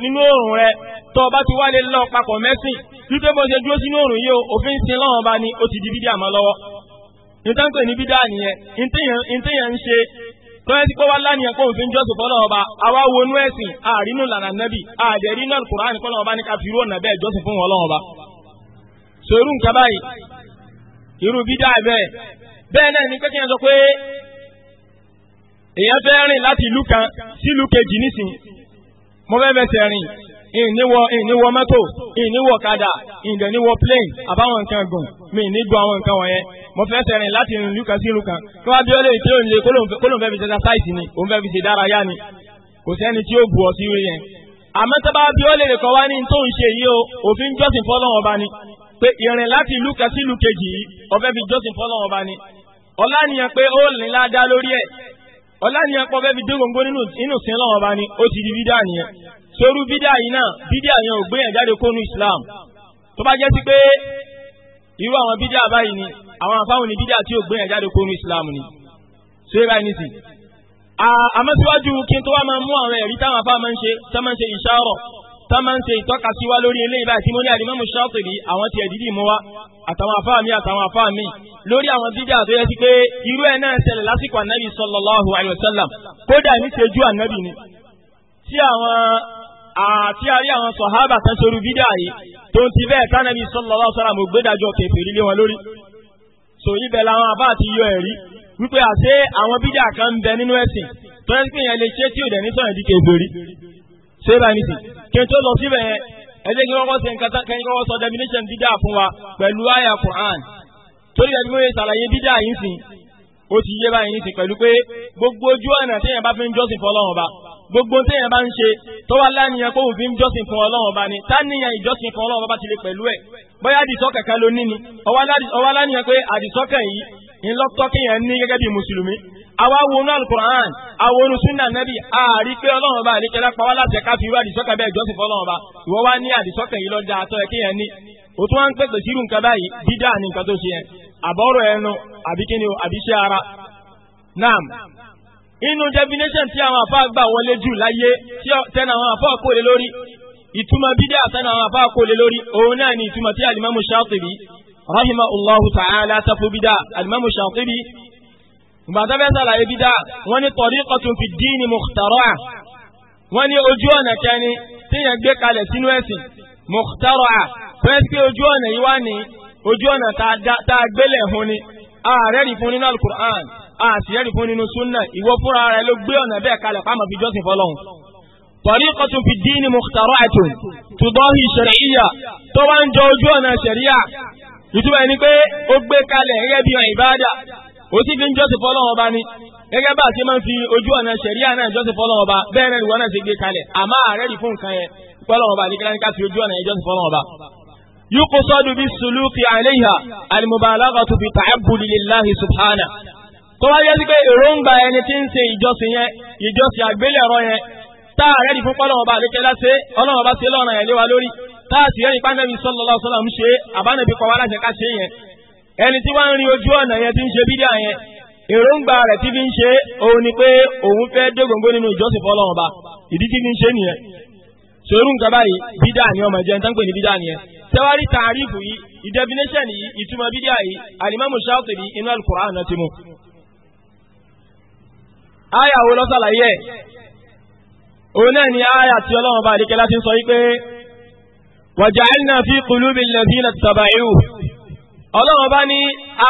sínú òrùn rẹ tó o bá ti wálé lọ papọ̀ mẹ́sìn wípé bó ṣe dúró sínú òrùn yìí òfin sin lọ́wọ́ ọba ni ó ti di bídí àmọ́ lọ́wọ́. nítorí pé ní bídá nìyẹn ìtẹ̀yàn ń ṣe tọ́yẹ́ tí kò wá lánìyàn kó òfin jọ́sùn fọ́lọ́ ọba àwa wọnú ẹ̀sìn àrínú lànà nẹ́bì a náà Kùránì kọ́lọ́ ọba ní káfíru ọ̀nà bẹ́ẹ̀ jọ́sùn fún Ọlọ́run ọba. sòrú nǹkan báyìí irú bídá bẹ́ẹ̀ bẹ́ẹ̀ náà ní pẹ́kí yẹn sọ pé èèyàn láti ìlú kan kejì nísìn mo fẹ́ ìníwọ ìníwọ ìníwọ kadà ìdẹ̀níwọ plane àbáwọn nǹkan gùn àwọn nǹkan wọ̀nyẹn mo fẹ́ sẹ́rìn láti ìlú kan sí ìlú kan kí wọ́n bí ó lè kí ló ń le kó ló ń fẹ́ fi ṣẹṣẹ sáìtì ni òun fẹ́ fi ṣe dárayá ni kò sẹ́ni tí ó bu ọ sí yẹn. àmọ́ tá bá bí ó lè kọ́ wá ní tó ń ṣe yìí o òfin jọ́sìn fọ́lọ́wọ́n ọba ni pé ìrìn láti ìlú kan sí ìlú kejì yìí ó fẹ́ fi jọ́sìn fọ́lọ́wọ́n ọba ni ọláníyàn pé ó ní ládá lórí ẹ̀ ọláníyàn pọ̀ fẹ́ fi dé gbogbo nínú sin lọ́wọ́ ọba ni ó ti di bídà nìyẹn sorú bídà yìí náà bídà yẹn ò gbé yẹn jáde kónú Islam tó bá jẹ́ sí pé irú àwọn bídà báyìí ni àwọn àfáwọn ní bídíà tí ó gbé ẹ̀jáde kó ní islam ni so yẹ báyìí nísìn àmọ́ síwájú kí n tó wá máa mú àwọn ẹ̀rí táwọn afá máa ń ṣe tá máa ń ṣe ìṣàrọ̀ tá máa ń ṣe ìtọ́ka sí wa lórí eléyìí báyìí tí mo ní àdìmọ́mù ṣáàtìrì àwọn ti ẹ̀dídì mú wa àtàwọn afá mi àtàwọn afá mi lórí àwọn bídíà tó yẹ sí pé irú ẹ̀ náà ṣẹlẹ̀ lásìkò ànábì sallallahu alaihi wasallam kódà ní ṣejú ànábì ni tí àwọn àti àrí àwọn sọ̀hábà tán sórí bídíà yìí tó ń ti bẹ́ẹ̀ tánàbì sallallahu alaihi wasallam ògbédàjọ kẹfẹ́ lílé wọn lórí so ibẹ̀ làwọn àbá àti yọ ẹ̀rí wípé àṣé àwọn bídíà kan ń bẹ nínú ẹ̀sìn tó yẹ kí èèyàn lè ṣe tí ò dẹ̀ ní sọ̀rọ̀ di kèbèrè ṣé bá nìsí kí n tó lọ síbẹ̀ yẹn ẹ jẹ́ kí kọ́kọ́ ṣe nǹkan tán kẹ́yìn kọ́kọ́ sọ definition bídíà fún wa pẹ̀lú àyà Quran torí ẹ̀ bí wọ́n yẹ ṣàlàyé bídíà yìí sìn ó ti yé báyìí nìsín pẹ̀lú pé gbogbo ojú ọ̀nà téèyàn bá fi ń jọ́sìn fọlọ́run ọba gbogbo téèyàn bá ń ṣe tó wá láníyàn kó òun fi ń jọ́sìn fún ọlọ́run ọba ni táníyàn ìjọ́sìn fún ọlọ́run ọba ti lè pẹ̀lú ẹ̀ bóyá àdìsọ́kàn kan ló ní ni ọwá láníyàn pé àdìsọ́kàn yìí ńlọ́tọ́ kéèyàn ní gẹ́gẹ́ bí mùsùlùmí àwa wọnú alukur'an àwọnú sunna nabi àárí pé ọlọ́run ọba àlékẹ́lá pa wá láti ẹ̀ka fi irú àdìsọ́kàn bẹ́ẹ̀ jọ́sìn fún ọlọ́run ọba ìwọ wá ní àdìsọ́kàn yìí lọ́dà àtọ́ inú definition tí àwọn àfa gbà wọlé jù láyé tí tẹnu àwọn àfa kò lé lórí ìtumọ̀ bídẹ́ àtẹnu àwọn àfa kò lé lórí òun náà ni ìtumọ̀ tí alimami Shatibi rahima allahu ta'ala tafu bídà alimami Shatibi gbàtà fẹ́ sàlàyé bídà wọ́n ní tariqatun fi dini mukhtara'a wọ́n ní ojú ọ̀nà kẹni tíyẹn gbé kalẹ̀ sínú ẹ̀sìn mukhtara'a fẹ́ẹ́ pé ojú ọ̀nà yìí wá ní ojú ọ̀nà tá a gbélé hun ni ààrẹ rí fún nínú alukur'an àṣìyẹ́rì fún nínú súnà ìwọ fúnra rẹ ló gbé ọ̀nà bẹ́ẹ̀ kalẹ̀ fáwọn fi jọ́sìn fọlọ́hún. طريقة في الدين مخترعة تضاهي شرعية طبعا جوجو أنا شريعة ìtumọ̀ ẹni pé ó gbé kalẹ̀ gẹ́gẹ́ bí ọ̀n ìbáàdà ó sì fi ń jọ́sìn fọ́lọ́wọ́n ọba ni gẹ́gẹ́ bá ti máa ń fi ojú ọ̀nà ṣẹ̀ríà náà jọ́sìn fọ́lọ́wọ́n ọba bẹ́ẹ̀ náà ìwọ náà ti gbé kalẹ̀ àmọ́ ààrẹ rí fún nǹkan yẹn fọ́lọ́wọ́n ọba nìkan ká fi ojú ọ̀nà yẹn jọ́sìn fọ́lọ́wọ́n ọba. يقصد بالسلوك عليها المبالغة في تعبد لله سبحانه tó wá yẹ sí pé èròǹgbà ẹni tí ń ṣe ìjọsìn yẹn ìjọsìn àgbélẹ̀rọ yẹn tá a rẹ́ẹ̀dì fún pọ́lọ́wọ́n bá àlékẹ́lá ṣe ọlọ́wọ́n bá ṣe lọ́nà ẹ̀ léwa lórí tá a sì rẹ́ẹ̀dì pánẹ́bí sallallahu alaihi wasallam ṣe àbánẹ́bí kọ́ wa láṣẹ ká ṣe yẹn ẹni tí wọ́n ń rin ojú ọ̀nà yẹn tí ń ṣe bídíà yẹn èròǹgbà rẹ̀ tí fi ń ṣe òun ni pé òun fẹ́ dégòǹgbò nínú ìjọsìn fọlọ́wọ́n ba ìdí tí fi ń ṣe nìyẹn sòrú nǹkan báyìí bídà ni ọmọ jẹun tán pè ní bídà nìyẹn tẹwárí tààrífù yìí ìdẹ́bínéṣẹ̀ nìyí ìtumọ̀ bídà yìí àlìmámù Ṣáfi'í inú Al-Qur'an náà ti áyà wo ló ṣàlàyé ẹ̀ òun náà ni áyà tí ọlọ́run bá àdékẹ́ láti sọ wípé waja'alna fi qulubil ladhina ittaba'u ọlọ́run bá ní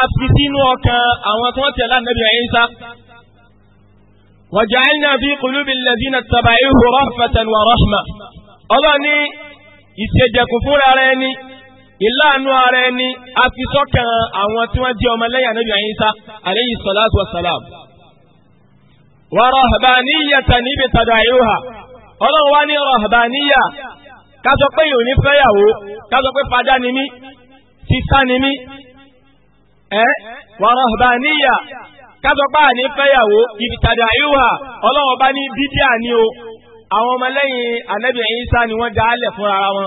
a fi sínú ọkàn àwọn tó ń tẹ̀ lánàbí Ìsá waja'alna fi qulubil ladhina ittaba'u rahmatan wa rahma ọlọ́run ní ìṣèjẹ̀kù fúnra rẹ ni ìlànà ara ẹni a fi sọ́kàn àwọn tí wọ́n jẹ́ ọmọlẹ́yìn ànábì Ìsá alayhi salatu wa salam wa rahbaniyatan ibtada'uha ọlọ́run wá ní rahbaniyya ká sọ pé yòó ní fẹ́yàwó sọ pé ni mí ni mí ẹ sọ pé àní bá ní o àwọn ọmọlẹ́yìn ànábì ni wọ́n fún ara wọn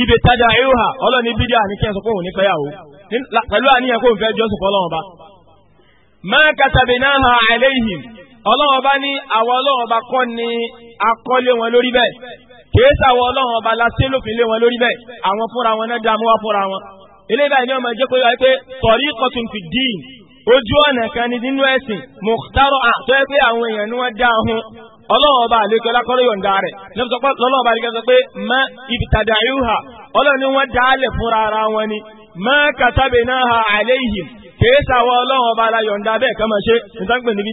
ibi tajà ìhà ọlọ́ni bídíà kí ẹ sọ pé òun ní àníyàn kó n ba. ọlọ́run ọba ní àwọn ọlọ́run ọba kọ́ ni akọ́lé wọn lórí bẹ́ẹ̀ kìí sàwọn ọlọ́run ọba lásìkò lófin lé wọn lórí bẹ́ẹ̀ àwọn fúnra wọn náà dààmú wá fúnra wọn. eléyìí báyìí ni ọmọ ìjẹ́ pé wáyé pé sọ̀rí kọ́tùn fi dín ojú ọ̀nà kan ní nínú ẹ̀sìn mùkútàrọ̀ àtọ́ pé àwọn èèyàn ni wọ́n dá ahun ọlọ́run ọba àlekẹ́ lákọ́lẹ́ yọ̀ǹda rẹ̀ lọ́lọ́run ọba àlekẹ́ ọba la yọ̀ǹda bẹ́ẹ̀ kàn ṣe nítorí pé níbi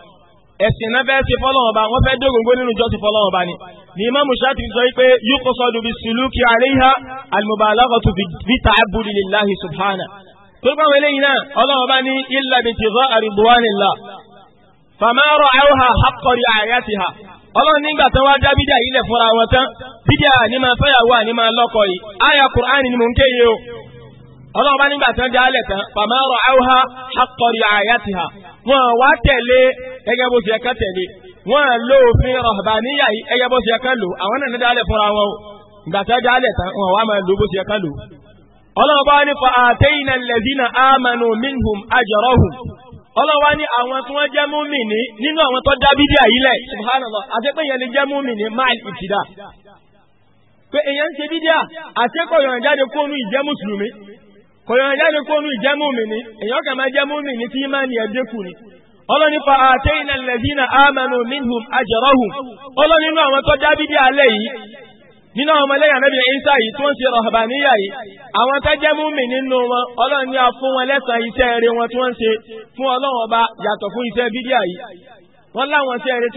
ẹ̀sìn náà fẹ́ ṣe fọ́lọ́wọ́n ba wọ́n fẹ́ dógóngó nínú ìjọsìn fọ́lọ́wọ́n ba ni ní imáàmù Ṣáfi'í sọ wípé yuqsadu bis-suluki 'alayha al-mubalaghatu fi ta'abbudi lillahi subhana torípa àwọn eléyìí náà ọlọ́wọ́n bá ní illa ibtigha'a ridwanillah fama ra'awha haqqa ri'ayatiha ọlọ́run nígbà tán wá dá bídà ilẹ̀ fúnra wọn tán bídà ní máa fẹ́yàwó àní máa lọ́kọ yìí àyà kùránì ni mò ń kéye o ọlọ́run bá nígbà tán dá alẹ̀ tán fama ra'awha haqqa ri'ayatiha wọn wá tẹ̀lé gẹ́gẹ́ bó ṣe tẹ̀lé wọn lo òfin rọ̀bàníyà yìí gẹ́gẹ́ bó ṣe ká lò àwọn náà ní dálẹ̀ fúnra wọn o gbàtà dálẹ̀ tán wọn wá máa lo bó ṣe ká lò. ní fa minhum ajrahum ọlọ́run wá ní àwọn tí wọ́n jẹ́ múmìnì nínú àwọn tó dábídì àyílẹ̀ subhanallah àti pé ìyẹn ń ṣe bídíà àti kòyàn jáde kónú ìjẹ́múmi ni èyàn kà máa jẹ́múmi ni tí máa ní ẹ̀dẹ́kù ni ọlọ́ni fa minhum ọlọ́ni inú àwọn tó dábí alẹ́ yìí nínú àwọn ọmọlẹ́yìn anábì yìí tó ń ṣe yìí àwọn tó nínú wọn ọlọ́ni fún wọn iṣẹ́ wọn tí wọ́n ṣe fún ọlọ́run yàtọ̀ fún iṣẹ́ bídíà yìí wọ́n láwọn iṣẹ́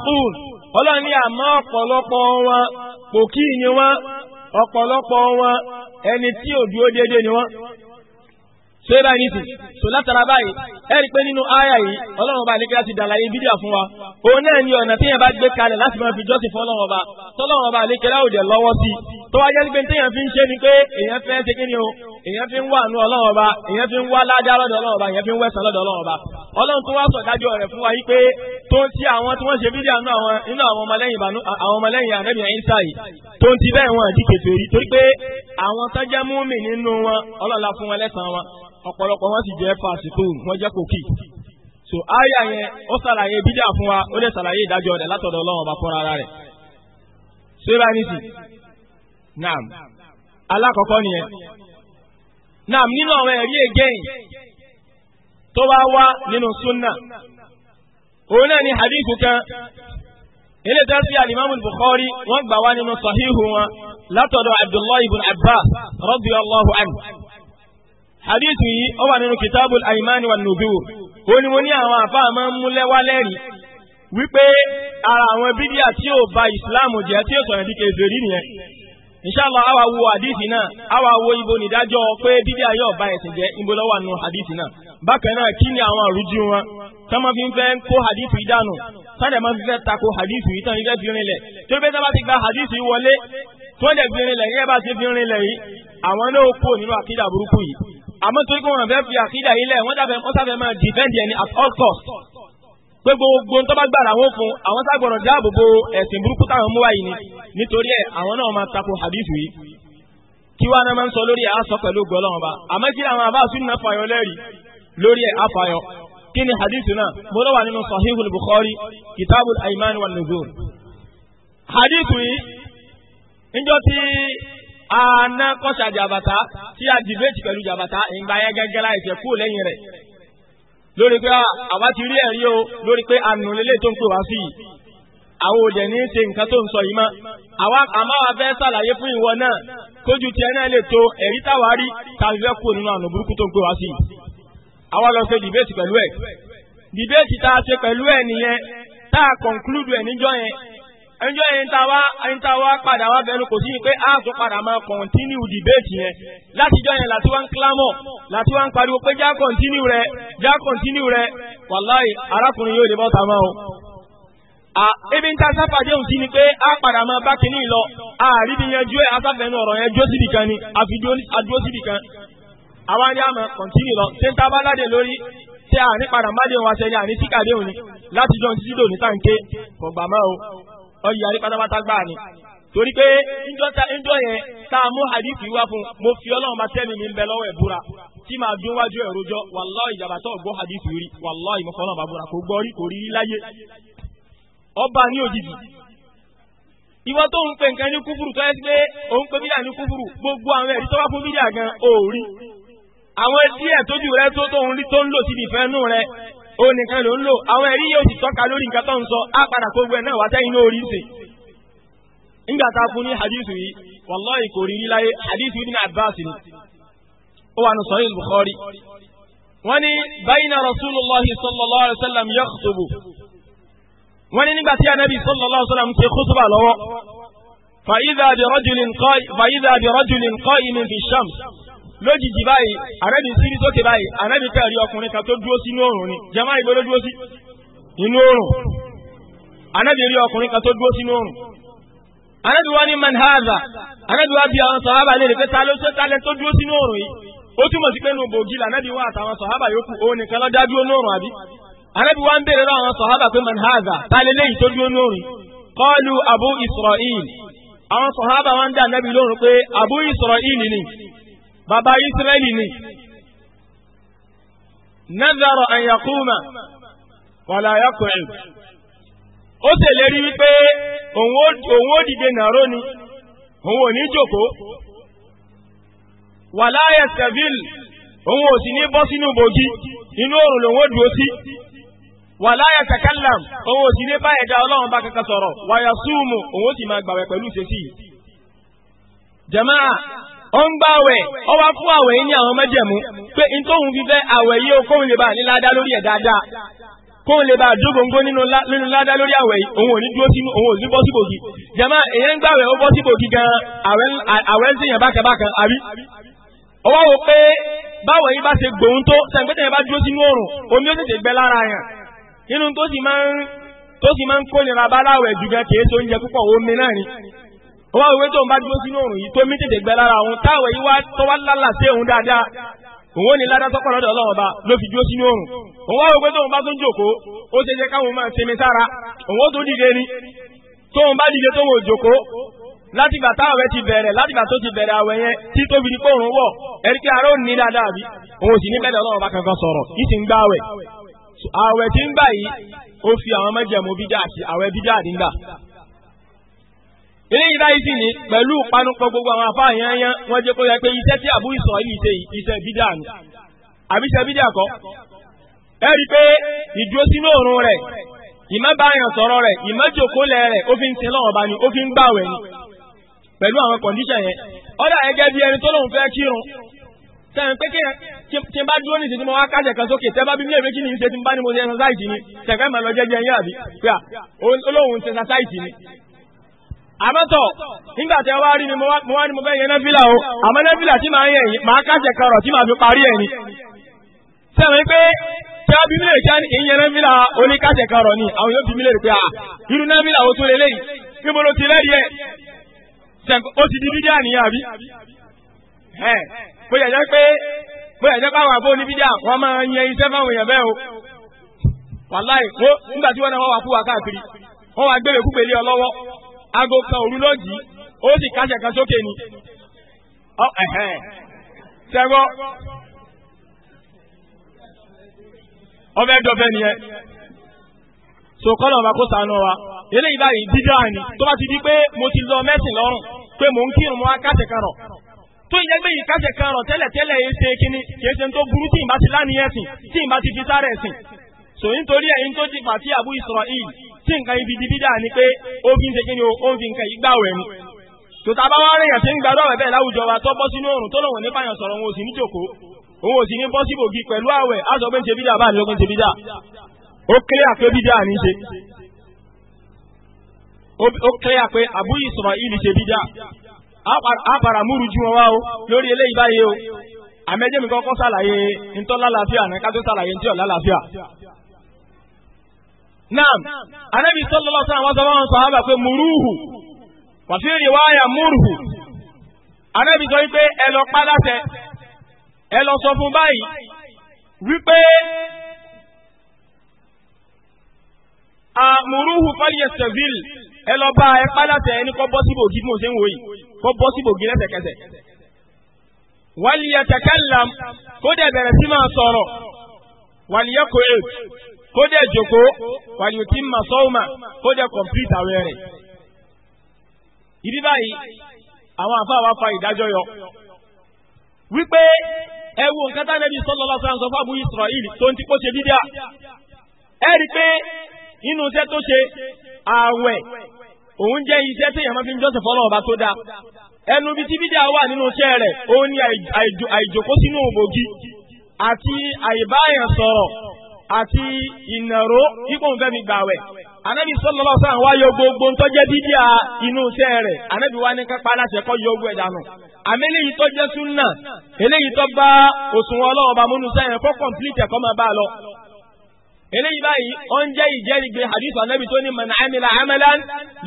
tí wọ́n ọlọ́run ní àmọ́ ọ̀pọ̀lọpọ̀ wọn kò kí ni wọn ọ̀pọ̀lọpọ̀ wọn ẹni tí ò dúró déédéé ni wọn ṣé báyìí nìsín so látara báyìí ẹ rí i pé nínú àyà yìí ọlọ́run ọba àlekèrè ti dàlàyé bídíà fún wa òun náà ni ọ̀nà téèyàn bá gbé kalẹ̀ láti máa fi jọ́sìn fún ọlọ́run ọba tọ́lọ́run ọba àlekèrè ò dẹ̀ lọ́wọ́ sí i tó wáyé pé téèyàn fi ń ṣe ni pé èèyàn fẹ́ ṣe kí ni o èèyàn fi ń wà nù ọlọ́run ọba èèyàn fi ń wá ládá lọ́dọ̀ ọlọ́run ọba èèyàn fi ń wẹ̀sán lọ́dọ̀ ọlọ́run ọba ọlọ́run tó wá sọ dájọ́ rẹ̀ fún wa yí pé tó ń ti àwọn tí wọ́n ṣe bídíà nínú àwọn nínú àwọn ọmọlẹ́yìn ìbànú àwọn ọmọlẹ́yìn àrẹ́bì ẹ̀yìnsá yìí tó ń ti bẹ́ẹ̀ wọn àdìkètò yìí torí pé àwọn tọ́jà múmi nínú wọn ọlọ́run ọ̀pọ̀lọpọ̀ wọn sì jẹ́ fásitò wọn jẹ́ kòkì so aya yẹn ó ṣàlàyé bídíà fún wa ó lè ṣàlàyé ìdájọ́ rẹ̀ látọ̀dọ̀ Ọlọ́run ọba fúnra ara rẹ̀ sora nisi naam alákọ̀ọ́kọ́ nìyẹn naam nínú àwọn ẹ̀rí again tó bá wá nínú sunna òun náà ni hadith kan ilé tẹ́sí alimami Bukhari wọ́n gbà wá nínú sahihu wọn látọ̀dọ̀ Abdullahi ibn Abbas radiyallahu anhu hadith yìí ó wà nínú kitabul aimani wa nubur ó ní mo ní àwọn àfáà máa ń múlẹ̀ wá lẹ́rìí wípé ara àwọn bídíà tí ó ba ìsìláàmù jẹ́ tí ó sọ̀rọ̀ di kèfèrí nìyẹn inshallah àwa wo hadith náà àwa wo ibo nídájọ́ pé bídíà yóò ba ẹ̀sìn jẹ́ ibo ló wà nínú hadith náà bákan náà kí ni àwọn àrújú wọn tọ́mọ fi ń fẹ́ kó hadith yìí dànù sáde máa ń fẹ́ tako hadith yìí tán ilé fi rinlẹ̀ tó bẹ́ẹ̀ sábà ti gba hadith yìí wọlé tó ń dẹ̀ fi rinlẹ̀ yẹ́ bá ti fi rinlẹ̀ yìí àwọn náà kó nínú àkídà burúkú yìí àmọ́ torí pé wọ́n fẹ́ fi àkídà yìí lẹ̀ wọ́n sáfẹ́ wọ́n sáfẹ́ máa dìfẹ́ǹdì ẹni at all cost pé gbogbo tó bá gbàrà wọn fún àwọn ságbọ̀rọ̀ dáàbò bo ẹ̀sìn burúkú táwọn mú wáyé ni nítorí ẹ̀ àwọn náà máa tako hadith yìí kí wàá náà máa ń sọ lórí ẹ̀ á sọ pẹ̀lú gbọ́lọ́ wọn bá àmọ́ kí àwọn àbá àsúnì náà fàyọ lẹ́rì lórí ẹ̀ á kí ni hadith náà mo lọ wà nínú sahihul bukhari kitabul aiman wa nuzur hadith yìí níjọ́ tí Ana kọ́ṣà jabata, tí a dìbẹ́tì pẹ̀lú jàbàtà ìgbà yẹn gẹ́gẹ́ láì fẹ́ kú lẹ́yìn rẹ̀ lórí pé ah, àwa ti rí ẹ̀rí o lórí pé ànú tó ń pè wá sí àwọn òde ní ṣe nǹkan tó ń sọ yìí mọ́ àwa àmọ́ wa fẹ́ ṣàlàyé fún ìwọ náà kójú tiẹ̀ náà lè to ẹ̀rí táwa rí tàbí fẹ́ kú nínú ànú burúkú tó ń pè wá sí àwa lọ ṣe dìbẹ́tì pẹ̀lú ẹ̀ dìbẹ́tì tá a ṣe pẹ̀lú ẹ̀ nìyẹn tá a conclude ẹ̀ níjọ́ yẹn ẹnjọ́ ẹni tá a wá padà wá bẹ̀rù kò sí pé a tún padà máa kọ̀ntínú dìbéètì yẹn látijọ́ yẹn láti wá ń clamọ̀ láti wá ń pariwo pé já kọ̀ntínú rẹ já kọ̀ntínú rẹ wàláì arákùnrin yóò lè bọ́ta máa o. ebi ń ta sáfàdé òun sí ni pé a padà máa bá kínní lọ ààrí ni yẹn ju asáfẹ́nu ọ̀rọ̀ yẹn jó síbi kan ni àfi adúró síbi kan. àwa ni a máa kọ̀ntínú lọ ṣé ń ta bá ládé lórí ṣé àní padà má dé òun àṣẹ ni àní tíkàdé òun ni látijọ́ títí dòní tàǹké kò gbà máa o. ọ̀yàrí pátápátá gbáà ni torí pé ńjọ́ yẹn tá a mú hadithi wá fún mo fi ọlọ́run máa tẹ́mi mi ń bẹ lọ́wọ́ ẹ̀ búra tí màá dún wájú ẹ̀ rojọ́ wàláhì ìjàmbá tó gbọ́ hadithi rí wàláhì mo búra kò gbọ́ rí kò rí láyé gbogbo àwọn ẹ̀rí tó wá fún gan òórí àwọn tójú rẹ tó tó ó nìkan ló ń lò àwọn ẹ̀rí yóò sì tọ́ka lórí nǹkan tó ń sọ á padà kó gbẹ náà wá sẹ́yìn náà orí sè. nígbà tá a fún ní hadith yìí wàláhì kò rí rí láyé hadith yìí ní Abbas ni ó wà ní Sahih Bukhari. wọ́n ní bayna Rasulullahi sallallahu alayhi wa sallam yakhtubu. wọ́n ní nígbà tí anabi sallallahu alayhi wa sallam ṣe kútùbà lọ́wọ́. fa idha bi rajulin qa'imin fi shams lójijì báyìí ànábì sírí sókè báyìí ànábì kẹrí ọkùnrin kan tó dúró sínú oòrùn ni jama ìgbó ló dúró sí inú oòrùn ànábì rí ọkùnrin kan tó dúró sínú oòrùn ànábì wá ní manhaza ànábì wá bí àwọn sọ̀hábà lè rè pé ta ló ṣe talẹ̀ tó dúró sínú oòrùn yìí ó túmọ̀ sí pé nù bògì lànábì wá àtàwọn sọ̀hábà yòókù òun nìkan ló dá dúró àbí ànábì wá ń béèrè lọ sọ̀hábà pé manhaza ta lè léyìí tó dúró nóòrùn qalu abu Israel, àwọn sọ̀hábà wá ń dá ànábì lóhùn pé abu Israel ni bàbá Ísírẹ́lì ni nazara an yakuma wala yaku'id ó ṣèlérí wípé òun ó dìde nàró ni òun ò ní jókòó wala yastavil òun ò sì ní bọ́ sínú bòjí inú òrùn lòun ó dúró sí wala yatakallam òun ò sì ní bá ẹ̀dá ọlọ́run bá kankan sọ̀rọ̀ wa yasumu òun ó sì máa gbàwẹ̀ pẹ̀lú ìṣesí jama'a ó ń gbá àwẹ̀ ó wá fún àwẹ̀ yìí ní àwọn mẹ́jẹ̀mú pé n tóun fi fẹ́ àwẹ̀ yìí ó kóun lè bá ní ládá lórí ẹ̀ dáadáa kóun lè bá dógóńgó nínú ládá lórí àwẹ̀ yìí òun ò ní dúró sínú òun ò sí bọ́ sí bògì jàmá èyàn ń gbàwẹ̀ ó bọ́ sí bògì gan-an àwẹ̀ ń sèyàn bákanbákan àbí ọwọ́ wo pé báwọ̀ yìí bá ṣe gbòun tó sàǹgbẹ́tẹ̀ bá dúró sínú ó wá wípé tó ń bá dúró sínú òrùn yìí tó mí tètè gbẹ lára òun táwẹ̀ yìí wá tó wá lálà sí òun dáadáa òun ò ní ládá ọlọ́run ọba ló fi dúró sínú òrùn òun wá wípé tó ń bá tó ń jòkó ó ṣe ṣe káwọn máa sinmi sára òun ó tó dìde ni tó ń bá dìde tó ń ti bẹ̀rẹ̀ látìgbà tó ti bẹ̀rẹ̀ àwẹ̀ yẹn tí tó fi di wọ̀ ní dáadáa kankan sọ̀rọ̀ eléyìí báyìí sì ní pẹ̀lú panupọ̀ gbogbo àwọn afá àyányán wọ́n jẹ́ kó yẹ pé iṣẹ́ tí àbú ìsọ̀ yìí ṣe iṣẹ́ bídà ni àbí iṣẹ́ bídà kọ́ ẹ rí i pé ìdúró sínú òórùn rẹ̀ ìmọ̀báyàn sọ̀rọ̀ rẹ̀ ìmọ̀jòkólẹ̀ rẹ̀ ó fi ń sin lọ́wọ́ bá ni ó fi ń gbàwẹ̀ ni pẹ̀lú àwọn kọ̀ndíṣàn yẹn ọ̀dà ẹgẹ́ bí ẹni tó lóun fẹ́ kírun sẹ́yìn pé kí n bá dúró ní ìsinmi wọn á kájẹ̀ kan sókè tẹ́ bá bí ni ìṣe tí n bá ní mo ṣe ẹ̀sán ni àmọ́tọ̀ nígbà tí a wá rí mi mo wá ní mo fẹ́ yẹn nẹ́fìlà o àmọ́ nẹ́fìlà tí màá yẹn yìí màá kàṣẹ kọrọ̀ tí màá fi parí ẹ̀ ni. sẹ́wọ̀n pé tí a bí mílẹ̀ kí n yẹn nẹ́fìlà oníkàṣẹ kọrọ̀ ni àwọn yóò bí mílẹ̀ rẹ̀ pé à irú o tó lé lẹ́yìn kí mo ti lẹ́yìn ẹ̀ ó ti di bídí àníyàn àbí. bó yẹ jẹ́ pé àwọn o wàláì nígbà tí wọ́n náà wa aago kan òru lójì ó sì kásẹ̀ kan sókè ni. sẹ́gbọ́ ọbẹ̀ dọ̀bẹ̀ nìyẹn so kọ́nà ọba kó sànù wa eléyìí báyìí dídá ni tó bá ti di pé mo ti lọ mẹ́sìn lọ́rùn pé mò ń kírun mọ́ akásẹ̀ kan rọ̀ tó yẹ gbé yìí kásẹ̀ kan rọ̀ tẹ́lẹ̀tẹ́lẹ̀ yìí e ṣe kíní kìí ṣe tó burú tí ìbá ti lánìí ẹ̀sìn tí ìbá ti fi sáré ẹ̀sìn so nítorí ẹ̀yin tó ti pàtí àbú Israel tí nǹkan ibi di bídà ni pé ó fi ń ṣe ni ó ń fi nǹkan yìí gbàwẹ̀ mu tòtá bá wá rèèyàn tí ń gbàdọ̀ rẹ̀ bẹ́ẹ̀ láwùjọ wa tó bọ́ sínú n tó lòun nípa yàn sọ̀rọ̀ òun ò sì ní jòkó òun ò sì ní bọ́ sí pẹ̀lú àwẹ̀ á pé ń ṣe bídà bá ní ṣe bídà ó àpé bídà ní ṣe ó àbú Israel ṣe bídà múru o lórí eléyìí báyìí o àmẹ́jẹ́mi kọ́kọ́ sàlàyé naam anabi sallallahu alaihi wasallam wọ́n sahaba wọn sàhábà pé muruhu wa fi riwaya murhu anabi sọ wípé ẹ lọ pa láṣẹ ẹ lọ sọ fún báyìí wípé àmúrúhù fàlìyẹsẹ̀vìl ẹ lọ bá ẹ pálátẹ ẹni kọ́ bọ́ síbò gí mọ̀ ń wòye kọ́ bọ́ síbò gí lẹ́sẹ̀kẹsẹ̀. wàlìyẹ tẹ̀kẹ́lá kó dẹ̀ bẹ̀rẹ̀ sí máa sọ̀rọ̀ wàlìyẹ kò èèf kó dẹ̀ jòkó wàlúùtí màsọ́ọ̀mà kó dẹ̀ kọ̀m̀pìtì àwẹ̀ rẹ̀. ìdí báyìí àwọn àfa wa fa ìdájọ́ yọ wípé ẹ wo nǹkan tá nẹ́bí sallallahu alaihi wasallam fábù Isra'il tó ń ti kó ṣe bídíà ẹ rí i pé inú iṣẹ́ tó ṣe ààwẹ̀ òun jẹ́ iṣẹ́ fi ń ọba tó dáa ẹnu ibi tí bídíà wà nínú iṣẹ́ rẹ̀ òun ni àìjòkó sínú àti àti ìnàró kíkó ń fẹ́ mi gbàwẹ̀ anabi sọlọlọ sàn wá yọ gbogbo ntọjẹ dídí à inú iṣẹ́ rẹ̀ anabi wá ní kápá aláṣẹ kọ yọ ogun ẹ̀dá nù àmì eléyìí tó jẹ́ súnà eléyìí tó bá òṣùwọ̀n ọlọ́wọ́ bá múnú sẹ́yìn kó kọ̀m̀pìlìtì ẹ̀kọ́ máa bá a lọ. eléyìí báyìí ó ń jẹ́ ìjẹ́rìgbé hadith anabi tó ní man amila amalan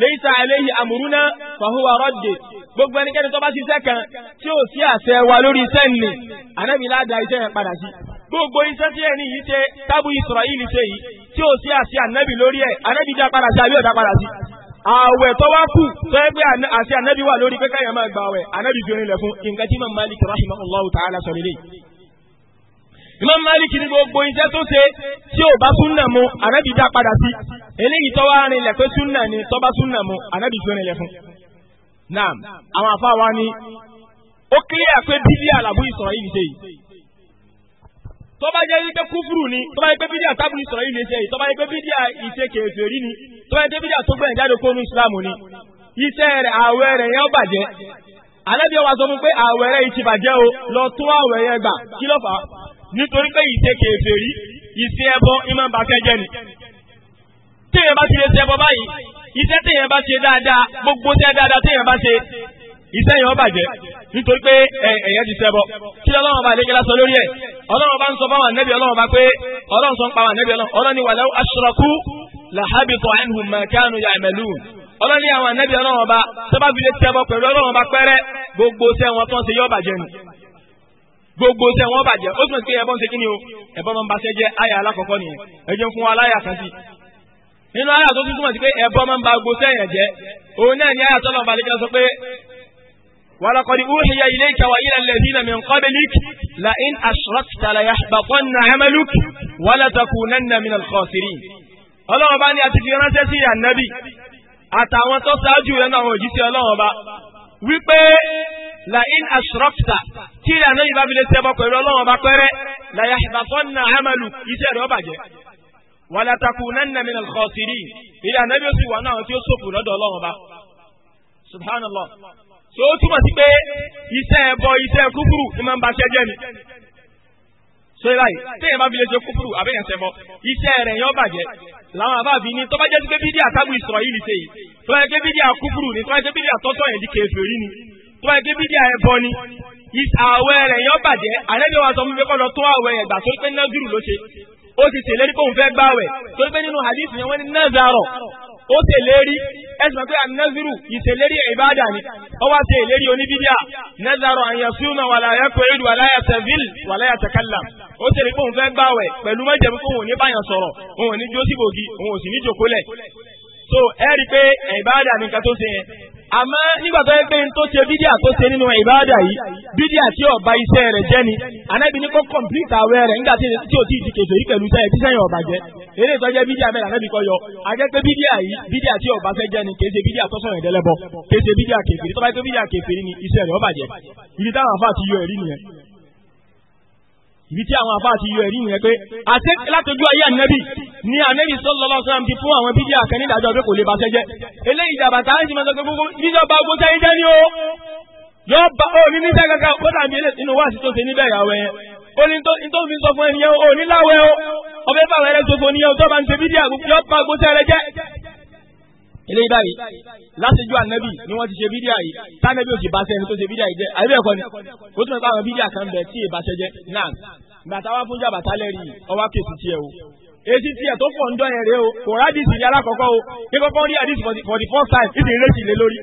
laysa alayhi amruna fahuwa radde gbogbo ẹnikẹ́ni tó bá ṣiṣẹ́ kan tí ò sí àṣẹ wa lórí iṣẹ́ anabi ládàá iṣẹ́ yẹn padà sí gbogbo iṣẹ́ tí ẹni yìí ṣe tábù Israẹli ṣe yìí tí ó ṣe àṣẹ ànábì lórí ẹ̀ ànábì dá padà sí àbí ọ̀dá padà sí. ààwẹ̀ tó wá kù tó yẹ pé àṣẹ ànábì wà lórí pé káyọ̀ máa gba àwẹ̀ ànábì fi rinlẹ̀ fún nǹkan tí Imam Malik rahimahullahu ta'ala sọ lélẹ̀. Imam Malik ní gbogbo iṣẹ́ tó ṣe tí ò bá súnà mu ànábì dá padà sí eléyìí tó wá rinlẹ̀ pé súnà ni tó bá súnà mu ànábì fi rinlẹ̀ fún. naam àwọn àfa wa ni ó kílíà pé bíbí àlàbù tó bá jẹ́ wípé kúfúrú ni tó bá jẹ́ pé bídíà tábùlù sọ̀rọ̀ yìí lè ṣe yìí tó bá jẹ́ pé bídíà ìṣe kèfèrí ni tó bá jẹ́ pé bídíà tó gbẹ̀yìn jáde kónú Islam ni iṣẹ́ rẹ̀ àwẹ̀ rẹ̀ yẹn bàjẹ́ alẹ́bí wa sọ fún pé àwẹ̀ rẹ̀ yìí ti bàjẹ́ o lọ tún àwẹ̀ yẹn gbà kí ló fà á nítorí pé ìṣe kèfèrí ìṣe ẹbọ ìmọ̀ bá fẹ́ jẹ́ ni téèyàn bá ti lè ṣẹbọ báyìí iṣẹ́ téèyàn bá ṣe dáadáa nítorí pé ẹ̀yẹ́ ti ṣẹbọ kí ọlọ́run bá lékelá sọ lórí ẹ̀ ọlọ́run bá ń sọ fáwọn ànẹ́bí ọlọ́run bá pé ọlọ́run sọ ń pa àwọn ànẹ́bí ọlọ́run ọlọ́run ni wàlẹ́ aṣọ́rakú làhábìtọ̀ ẹ̀hùn mẹ́kánú yà ẹ̀mẹ̀lú ọlọ́run ni àwọn ànẹ́bí ọlọ́run bá sábà fi lè ṣẹbọ pẹ̀lú ọlọ́run bá pẹ́rẹ́ gbogbo iṣẹ́ wọn tó ń ṣe yọ bàjẹ́ nù gbogbo iṣẹ́ wọn bàjẹ́ ó túnbọ̀ sí ẹbọ ń ṣe kí ni o ẹbọ máa ń baṣẹ́ jẹ́ àyà alákọ̀ọ́kọ́ nìyẹn ẹ jẹ́ fún wa láyà kan sí nínú àyà tó tún túmọ̀ sí pé ẹbọ máa ń ba gbogbo iṣẹ́ yẹn jẹ́ òun náà ni àyà tó lọ́ọ́ balẹ̀ kí wọ́n sọ pé ولقد أوحي إليك وإلى الذين من قبلك لئن أشركت ليحبطن عملك ولتكونن من الخاسرين ọlọ́run bá ní àti fi ránṣẹ́ sí ànábì àtàwọn tó ṣáájú rẹ̀ náà òjíṣẹ́ ọlọ́run bá wípé la'in ashrakta kí ilẹ̀ ànábì bá fi lè ṣẹbọ pẹ̀lú ọlọ́run bá pẹ́rẹ́ la yahbatanna amalu iṣẹ́ rẹ̀ ó bàjẹ́ wa la takunanna minal khasirin ilẹ̀ ànábì ó sì wà náà tí ó ṣòfò lọ́dọ̀ ọlọ́run bá subhanallah so ó túmọ̀ sí pé iṣẹ́ ẹbọ iṣẹ́ kúkúrú ni máa ń ba ṣẹ́jẹ́ ni so ìlàyé téèyàn bá fi lè ṣe kúkúrú àbẹ̀yẹn ṣẹbọ iṣẹ́ rẹ̀ yẹn ó bàjẹ́ làwọn àbáàbí ni tó bá jẹ́ sí pé bídíà tábù ìsọ̀rọ̀ yìí ni ṣe yìí tó bá jẹ́ pé bídíà kúkúrú ni tó bá jẹ́ bídíà tọ́tọ̀ yẹn di kèfè yìí ni tó bá jẹ́ bídíà ẹbọ ni àwẹ̀ rẹ̀ yẹn bàjẹ́ àlẹ́bí wa hadith yẹn wọ́n ní ó ṣe lérí ẹsùn pé anaziru ìṣèlérí ìbáàdà ni ó wá ṣe ìlérí oníbíbíà nazaro àyànsúmọ wàláyà kọrìdù wàláyà tẹvil wàláyà tẹkálà ó ṣe lè pé òun fẹ́ gbàwẹ̀ pẹ̀lú mẹ́jẹ̀mú pé òun ò ní báyàn sọ̀rọ̀ òun ò ní jósìbògì òun ò sì ní jòkólẹ̀ so ẹ rí i pé ìbáàdà ni nǹkan tó ṣe yẹn àmọ́ nígbà tó yẹ pé tó ṣe bídíà tó ṣe nínú ìbáàdà yìí bídíà tí ó ba iṣẹ́ rẹ̀ jẹ́ ni anábì ní kó kọ̀m̀pìlìtì àwẹ̀ rẹ̀ nígbà tí ó ti di kèfèrí pẹ̀lú iṣẹ́ yẹn tí sẹ́yìn ọ̀bà jẹ́ eré ìtọ́jẹ́ bídíà mẹ́rin anábì kọ́ yọ ajẹ́ pé bídíà yìí bídíà tí ọba fẹ́ jẹ́ ni kì í ṣe bídíà tọ́sọ̀ yẹn dẹ́lẹ́bọ kì í ṣe bídíà kèfèrí tó bá yẹ ibi tí àwọn àbá àti yọ ẹ̀rí yẹn pé àti látọjú ayé ànábì ni ànábì sallallahu alaihi wasallam ti fún àwọn bíbí àkànní ìdájọ́ pé kò lè baṣẹ́ jẹ́ eléyìí ìjàmbá tá à ń sì máa sọ pé gbogbo níjọba ogun tẹ́ yín jẹ́ ní o yóò bá ó ní níta kankan ó dàbí ilé inú wáàsí tó ṣe níbẹ̀ ìyàwó yẹn ó ní tó fi sọ fún ẹnìyẹn o ní láwẹ̀ o ọbẹ̀ fàwọn ẹlẹ́sọ̀fọ̀ níyẹn o tó bá ń ṣe bídíà yóò bá ogun tẹ́ rẹ jẹ́ eléyìí báyìí lásìjú ànábì ni wọ́n ti ṣe bídíà yìí tánẹ́bí ò sì bá sẹ́ni tó ṣe bídíà yìí jẹ́ àbí ẹ̀kọ́ ni ó tún bá àwọn bídíà kan bẹ̀ tí ìbáṣẹ jẹ́ náà gbàtà wá fún jàbàtà lẹ́rìí ọwá kèsì tiẹ̀ o èsì tiẹ̀ tó fọ̀ ń dán ẹ̀rẹ́ o kò rádìsì ní alákọ̀ọ́kọ́ o ní kọ́kọ́ rí àdìsì for the first time ìdí ìrètí lé lórí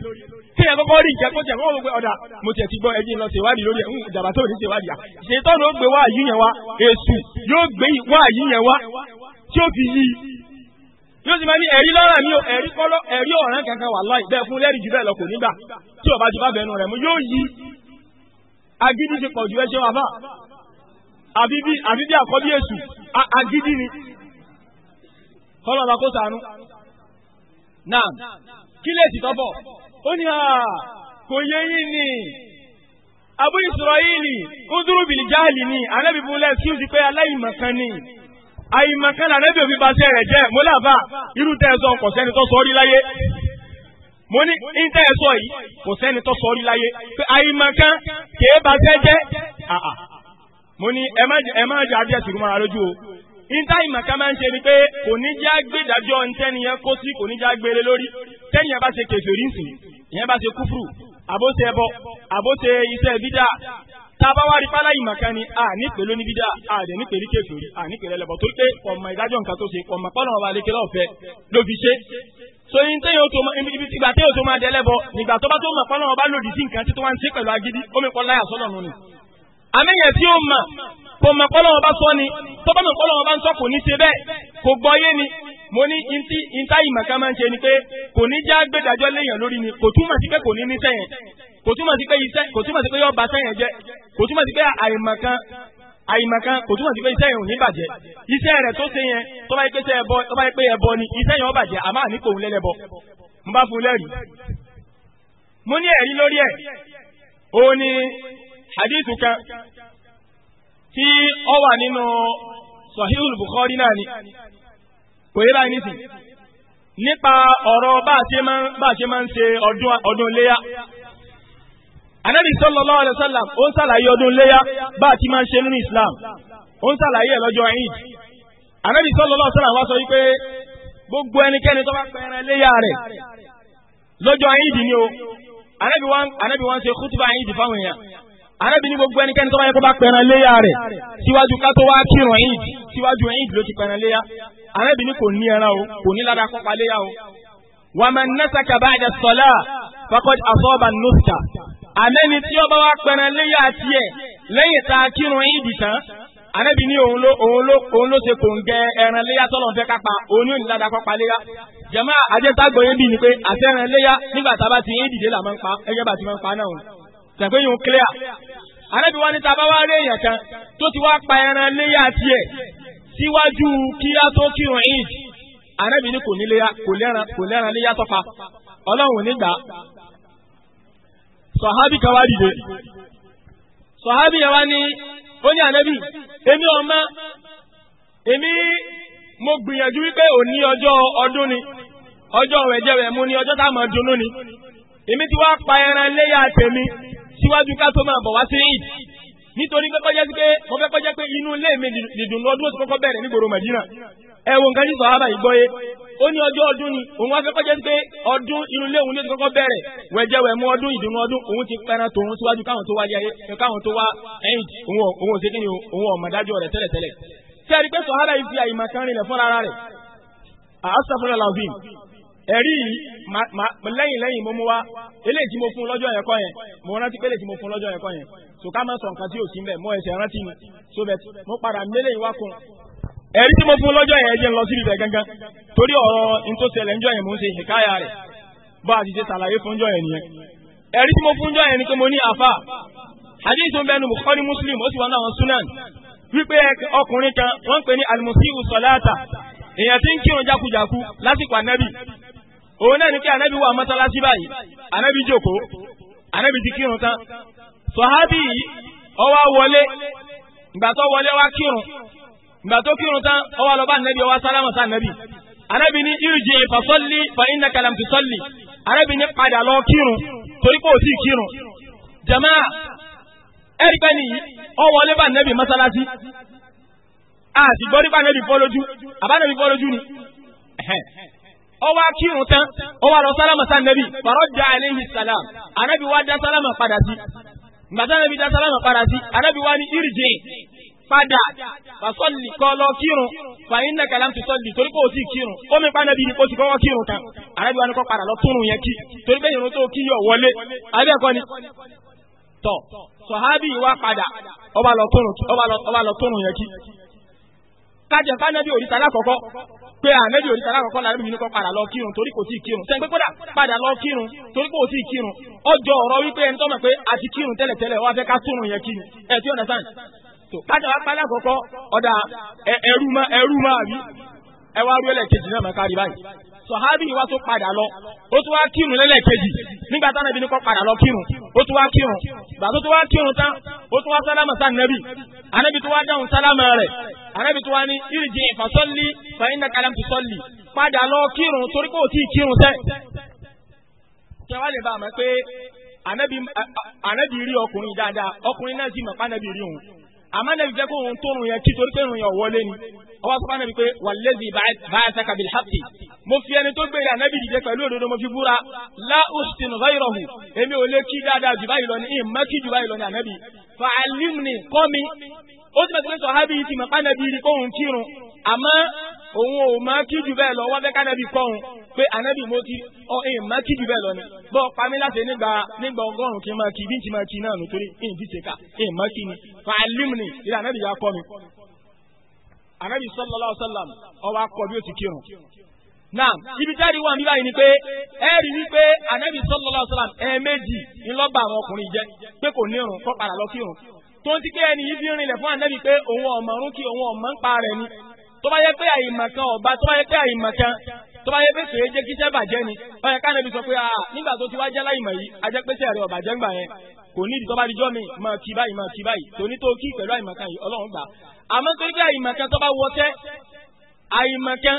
tí ẹ kọ́kọ́ rí nǹkan tó tiẹ̀ kọ́kọ́ gbogbo ọ̀dà mo tiẹ̀ ti gbọ́ ẹjìn lọ ṣèwádìí lórí ẹ̀ ń jàbàtà ò ní ṣèwádìí à ṣètọ́nù ó gbé wáàyí yẹn wá èsù yóò gbé wáàyí yẹn wá tí ó fi yí yóò sì máa ní ẹ̀rí lọ́rọ̀ mi ò ẹ̀rí kọ́lọ́ ẹ̀rí ọ̀ràn kankan wà láì bẹ́ẹ̀ fún lẹ́rìí jù bẹ́ẹ̀ lọ kò nígbà tí ọba ti bá bẹ̀ẹ́nu rẹ̀ mú yóò yí agídí ti pọ̀ ju ẹṣẹ́ wa fà àbí bí àkọ́bí èṣù agídí ni kọ́lọ́ ọba kó sànú. náà kí lè sì tọ́bọ̀ ó ní à kò yẹ yín ni Abu Israili ó dúró bìlì jáàlì ni àlẹ́ bíbú lẹ́sùn sí pé aláìmọ̀kan ni àìmọ̀kánlá nẹ́bí òfin bá ṣẹ́ rẹ̀ jẹ́ mo láàbà irú tẹ́ẹ̀sọ kò sẹ́ni tó sọ rí láyé mo ní ìtẹ́ẹ̀sọ yìí kò sẹ́ni tó sọ rí láyé pé àìmọ̀kán kèé bá ṣẹ́ jẹ́ àà mo ní ẹ má jẹ́ adé ẹ̀sìn rúmọ́ra lójú o ìta ìmọ̀ká máa ń ṣe ni pé kò ní já gbé ìdájọ́ ntẹ́niyẹn kó sí kò ní já gbélé lórí tẹ́niyẹn bá ṣe kèfèrí nsìn ìyẹn bá ṣe kúfùrù àbóṣe ẹbọ àbóṣe iṣẹ́ bídà tába wá rí pálá ìmọ̀kan ni a ní pẹ̀lú níbi dá a dẹ̀ ní pẹ̀lú kékeré a ní pẹ̀lú ẹlẹ́bọ̀ tó pé ọmọ ìdájọ́ nǹkan tó ṣe ọmọ pálọ̀ ọba lè kéré ọ̀fẹ́ ṣe. so yín tẹ́yìn o tó ma ìgbà tẹ́yìn o tó ma dẹ lẹ́bọ̀ nígbà tó bá tó mọ̀ pálọ̀ ọba lòdì sí nǹkan títí wọ́n ń ṣe pẹ̀lú agídí omi kọ́ láyà sọ́nà nù ni. àmẹ́yẹ tí ó mọ̀ kò mọ̀ pálọ̀ ọba sọ ni tó bá mọ̀ pálọ̀ mo ní ntí ntá ìmọ̀ká máa ń ṣe ni pé kò ní já gbẹ́dájọ́ léèyàn lórí ni kò túmọ̀ sí pé kò ní níṣẹ́ yẹn kò túmọ̀ sí pé iṣẹ́ kò túmọ̀ sí pé yọ̀ọ́ bàtẹ́ yẹn jẹ́ kò túmọ̀ sí pé àìmọ̀kan àìmọ̀kan kò túmọ̀ sí pé iṣẹ́ yẹn ò ní bàjẹ́ iṣẹ́ rẹ̀ tó ṣe yẹn tó bá pé ẹbọ tó bá pé ẹbọ ni iṣẹ́ yẹn ó bàjẹ́ àmọ́ àníkò òun lẹ́lẹ́bọ n bá fún un lẹ́rìí. mo ní ẹ̀rí lórí ẹ̀ òun ni hadith kan tí ó wà nínú sahihul bukhari náà ni kò yẹ báyìí nísìn nípa ọ̀rọ̀ bá a ṣe máa ń ṣe ọdún léyà anabi sallallahu alayhi wa sallam ó ń sàlàyé ọdún léyà bá a ti máa ń ṣe nínú islam ó ń sàlàyé ẹ̀ lọ́jọ́ eid anabi sallallahu alayhi wa sallam wá sọ wípé gbogbo ẹnikẹ́ni tó bá pẹ̀rẹ̀ léyà rẹ̀ lọ́jọ́ eid ni o anabi wa anabi wa ń ṣe kútùbà eid fáwọn èèyàn anabi ní gbogbo ẹnikẹ́ni tó bá yẹ kó bá pẹ̀rẹ̀ léyà rẹ̀ síwájú ká tó wá kírun eid síwájú eid ló ti pẹ̀rẹ̀ léyà anabi ní kò ní ẹran o kò ní lára kópa léyà o wàmẹ̀ nasaka ba'da as-salah faqad àmẹ́ni tí ọba wa pẹran léyà tiẹ̀ lẹ́yìn tá a kírun yín dì tán àrẹ́bí ní òun ló òun ló òun ló ṣe kò ń gẹ ẹran léyà tọ́lọ̀ fẹ́ kápá òun ní òní ládàá pápá léyà jẹ̀mọ́ àjẹságbọ̀ yẹn bì ní pé àtẹ̀ràn léyà nígbà tá a bá ti yín dìde là máa ń pa ẹgbẹ́ bá ti máa ń pa náà tẹ̀pẹ́ yóò clear àrẹ́bí wa ní tá a bá wá rí èèyàn kan tó ti wá pa ẹran léyà tiẹ̀ síwájú kí á tó kírun yín àrẹ́bí ní kò ní léyà kò lẹ́ran léyà tọ́pa ọlọ́run nígbà sọ̀hábì kan wá dìde sọ̀hábì yẹn wá ní ó ní ànábì èmi ọmọ èmi mo gbìyànjú wípé òní ọdún ni ọjọ́ wẹ̀jẹ̀wẹ̀ mu ni ọjọ́ tá a máa dunnú ni èmi ti wá pa ẹran léyà tèmi síwájú ká tó máa bọ̀ wá nítorí pé kọjá sí pé mo fẹ́ kọjá pé inú ilé mi dìdùn lọ́dún oṣù kọ́kọ́ bẹ̀rẹ̀ nígboro Mẹ̀dínà ẹ wo nǹkan tí sọ̀hábà yìí gbọ́yé ó ní ọjọ́ ọdún ni òun wá fẹ́ kọjá sí pé ọdún inú ilé òun ló ti kọ́kọ́ bẹ̀rẹ̀ wẹ̀jẹ̀ wẹ̀ mú ọdún ìdùnnú ọdún òun ti pẹran tòun síwájú káwọn tó wá ní ayé káwọn tó wá ẹ̀yìn òun ò ṣe kí ni òun ọ̀mọ̀dájọ́ rẹ̀ tẹ́lẹ̀tẹ́lẹ̀ ẹ̀rí lẹ́yìn lẹ́yìn mo mú wa eléyìí tí mo fún lọ́jọ́ yẹn kọ́ yẹn mo rántí pé eléyìí tí mo fún lọ́jọ́ yẹn kọ́ yẹn so ká má sọ nǹkan tí ò sí mbẹ̀ mo ẹsẹ̀ rántí mi so bẹ́ẹ̀ mo padà mélé ìwá kun ẹ̀rí tí mo fún lọ́jọ́ yẹn jẹ́ ń lọ síbi bẹ̀ gangan torí ọ̀rọ̀ ntòsẹ̀lẹ̀ ńjọ́ yẹn ni pé mo ní àfà hadith bẹnu wípé ọkùnrin kan wọ́n pè ní alimusiu sọláàtà èèyàn tí ń kírun jákujàku lásìkò ànábì òun náà ní kí anabi wà mọ́sálásí báyìí anabi jókòó anabi ti kírun tán sọ̀hábì yìí ó wá wọlé ìgbà tó wọlé wá kírun ìgbà tó kírun tán ó wá lọ bá anabi ó wá sálámà sí anabi anabi ní irji fasalli fa innaka lam tusalli anabi ní padà lọ kírun torí kò sí kírun jamaa ẹ̀ríkẹ́ nìyí ó wọlé bá anabi mọ́sálásí àti gbọ́dí bá anabi fọ́ lójú àbá anabi fọ́ lójú ni. ó wá kírun tán ó wá lọ sálámà sí ànábì farọ́jà alayhi salam ànábì wá dá sálámà padà sí gbàtà ànábì dá sálámà padà sí ànábì wá ní irje padà fasọ́lì kọ́ lọ kírun fàyín náà kàlám ti sọ́lì torí kò sí kírun ó mi pàdánù bíi kó ti kọ́kọ́ kírun tán ànábì wá ní kọ́ padà lọ túrun yẹn kí torí bẹ́ẹ̀ yẹn tó kí yọ wọlé abẹ́ẹ̀kọ́ ni tọ̀ sọ̀hábì wá padà ọba lọ túrun yẹn kí kájẹ̀ fánàbí òrìṣà lákọ̀ọ́kọ́ pé àmẹ́bí òrìṣà alákọ̀ọ́kọ́ la níbi kọ́ padà lọ kírun torí kò tíì kírun sẹ́ni pé kódà padà lọ kírun torí kò tíì kírun ọjọ́ ọ̀rọ̀ wípé ẹni mọ̀ pé a ti kírun tẹ́lẹ̀tẹ́lẹ̀ wá fẹ́ ká yẹn ẹ ti ọ̀nà sáà tó wá padà ọ̀dà rí ẹ wá rú sọ̀hábì wa tó padà lọ ó tún wá kírun lẹ́lẹ́kejì nígbà táwọn ẹbí ní kọ́ padà lọ kírun ó tún wá kírun gbà tó tún wá kírun tán ó tún wá sálámà sáà nẹ́bì anábì tó wá dáhùn sálámà rẹ̀ anábì tó wá ní ìrìjì ìfàsọ́lì fàyínà kàlám ti sọ́lì padà lọ kírun torí pé ò tí ì kírun sẹ́. kẹwàá lè bá a mọ̀ pé anábì rí ọkùnrin dáadáa ọkùnrin náà sì mọ̀ pé rí òun àmọ́ anábì jẹ́ kó òun tó ọwọ́ sọ́kà náà wípé wàlẹ́sì báyàtàkà bil haqqi mo fi ẹni tó gbèrè ànábì dìde pẹ̀lú òdodo mo fi búra láùsìn vairahu èmi ò lè kí dáadáa jù báyìí lọ ní ìmọ̀ kí jù báyìí lọ ní ànábì fàálímùnì kọ́ mi ó ti bẹ̀rẹ̀ sọ̀hábì ti mọ̀ pánábì rí kóhun kírun àmọ́ òun ò máa kí jù bẹ́ẹ̀ lọ wọ́n fẹ́ kánábì kọ́hun pé ànábì mo ti ọ ẹ̀ máa jù bẹ́ẹ̀ lọ ni bọ́ pami láti nígbà nígbà ọgọ́rùn-ún kí n máa kí bí n ti máa kí náà nítorí ẹ̀ ń díje ká ẹ̀ máa kí ni ìlànà ìyá kọ́ mi anabi sallallahu alaihi wa sallam ọwọ́ akọ bí ó ti kírun. náà ibi jáde wà níbàyí ni pé ẹ rí i pé anabi sallallahu alaihi wa sallam ẹ̀ẹ̀mejì ńlọ́gbà àwọn ọkùnrin jẹ pé kò nírun kọ́ padà lọ kírun. tó ń ti pé ẹni yìí fi rinlẹ̀ fún anabi pé òun ọ̀mọ̀rún kí òun ọ̀mọ̀ ń pa rẹ̀ ni tó bá yẹ pé àyìnmọ̀ kan ọ̀ba tó bá yẹ pé àyìnmọ̀ kan tó bá yẹ pé sòye jẹ́ kíṣẹ́ bàjẹ́ ni ó yẹ káàdé bí sọ pé a ah, nígbà tó ti wá jẹ́ láì mọ̀ yìí ajẹ́pẹ́sẹ̀ rẹ̀ ọ̀bàjẹ́ ń gbà yẹn kò ní ìdí tó bá di jọ́ mi mọ̀ kí báyìí mọ̀ kí báyìí tòní tó kí pẹ̀lú àìmọ̀kan yìí ọlọ́run gbà àmọ́ tó jẹ́ àìmọ̀kan tó bá wọ tẹ́ àìmọ̀kan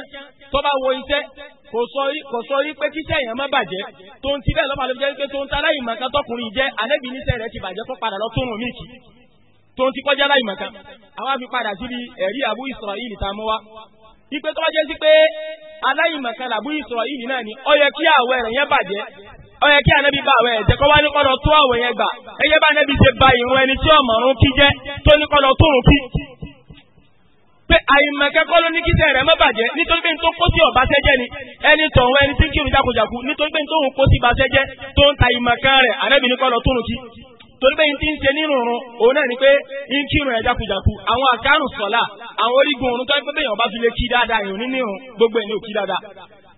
tó bá wọ iṣẹ́ kò sọ rí pé kíṣẹ́ èèyàn má bàjẹ́ tó ń ti bẹ́ẹ̀ lọ́pàá ló jẹ́ pé tó ń ta aláìmọ̀kan tọkùnrin jẹ́ alẹ́bí níṣẹ́ rẹ̀ ti bàjẹ́ kó padà lọ tóun míì kì tó ń ti kọjá aláìmọ̀kan àwa fi padà síbi ẹ̀rí Abu Isra'il tá a mú wa ipe tó bá jẹ́ sí pé aláìmọ̀kan làbú na náà ni ó yẹ kí àwẹ̀ rẹ̀ yẹn bàjẹ́ ó yẹ kí anabi bá àwẹ̀ ẹ̀jẹ̀ kọ́ wá ní kọ́lọ̀ tó àwẹ̀ yẹn gbà ẹ̀yẹ́ bá ànábì ṣe ba ìrun ẹni tí ọ̀mọ̀rún kí jẹ́ tó ní tó rùn kí. pé kọ́ ló ní kí sẹ́rẹ̀ mọ́ ẹni tọ̀hún ẹni tí torí pé n ti ń ṣe nínú irun òun náà ni pé n kírun ẹ̀ jákujàku àwọn àkàrù sọ̀lá àwọn orígun òun tó ń pẹ́ bẹ́yàn ọba fi lè kí dáadáa ìrùn nínú irun gbogbo ẹ̀ ní òkí dáadáa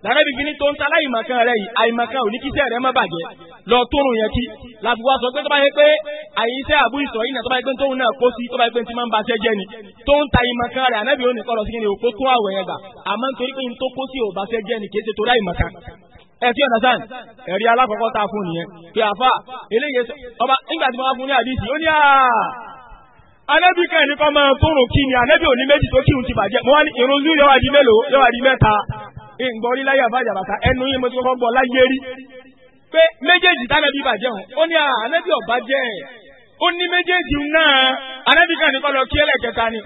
lára ibi ní tó ń tala ìmọ̀kan rẹ̀ yìí àìmọ̀kan òní kíṣẹ́ rẹ̀ má bàjẹ́ lọ tóorùn yẹn kí láti wá sọ pé tó bá yẹ pé àyíṣẹ́ àbú ìsọ̀ yìí náà tó bá yẹ pé tóun náà kó sí tó bá yẹ pé ti máa ń ba ṣẹ́ jẹ́ ni tó ń ta ìmọ̀kan rẹ̀ ànábì òní kọ́ lọ sí kí ni òkó tún àwẹ̀ yẹn gbà àmọ́ nítorí pé n tó kó sí ò ba ṣẹ́ jẹ́ ni kì í ṣe torí àìmọ̀kan ẹ ti ọ̀nàsán ẹ̀rí alákọ̀ọ́kọ́ tá a fún nìyẹn pé àfa ọba nígbà wọ́n fún ní àdìsí ó ní à anẹ́bí kẹ́hìn kan máa tóorùn kí ni anẹ́bí òní méjì tó kírun ti bàjẹ́ mo wá ní irun zúù yọ̀wá mélòó di mẹ́ta ìgbọ́ láyé àbájá bàtà ẹnu yín mo ti kọ́kọ́ gbọ́ láyé rí pé méjèèjì tánẹ́bí bàjẹ́ ó ní ni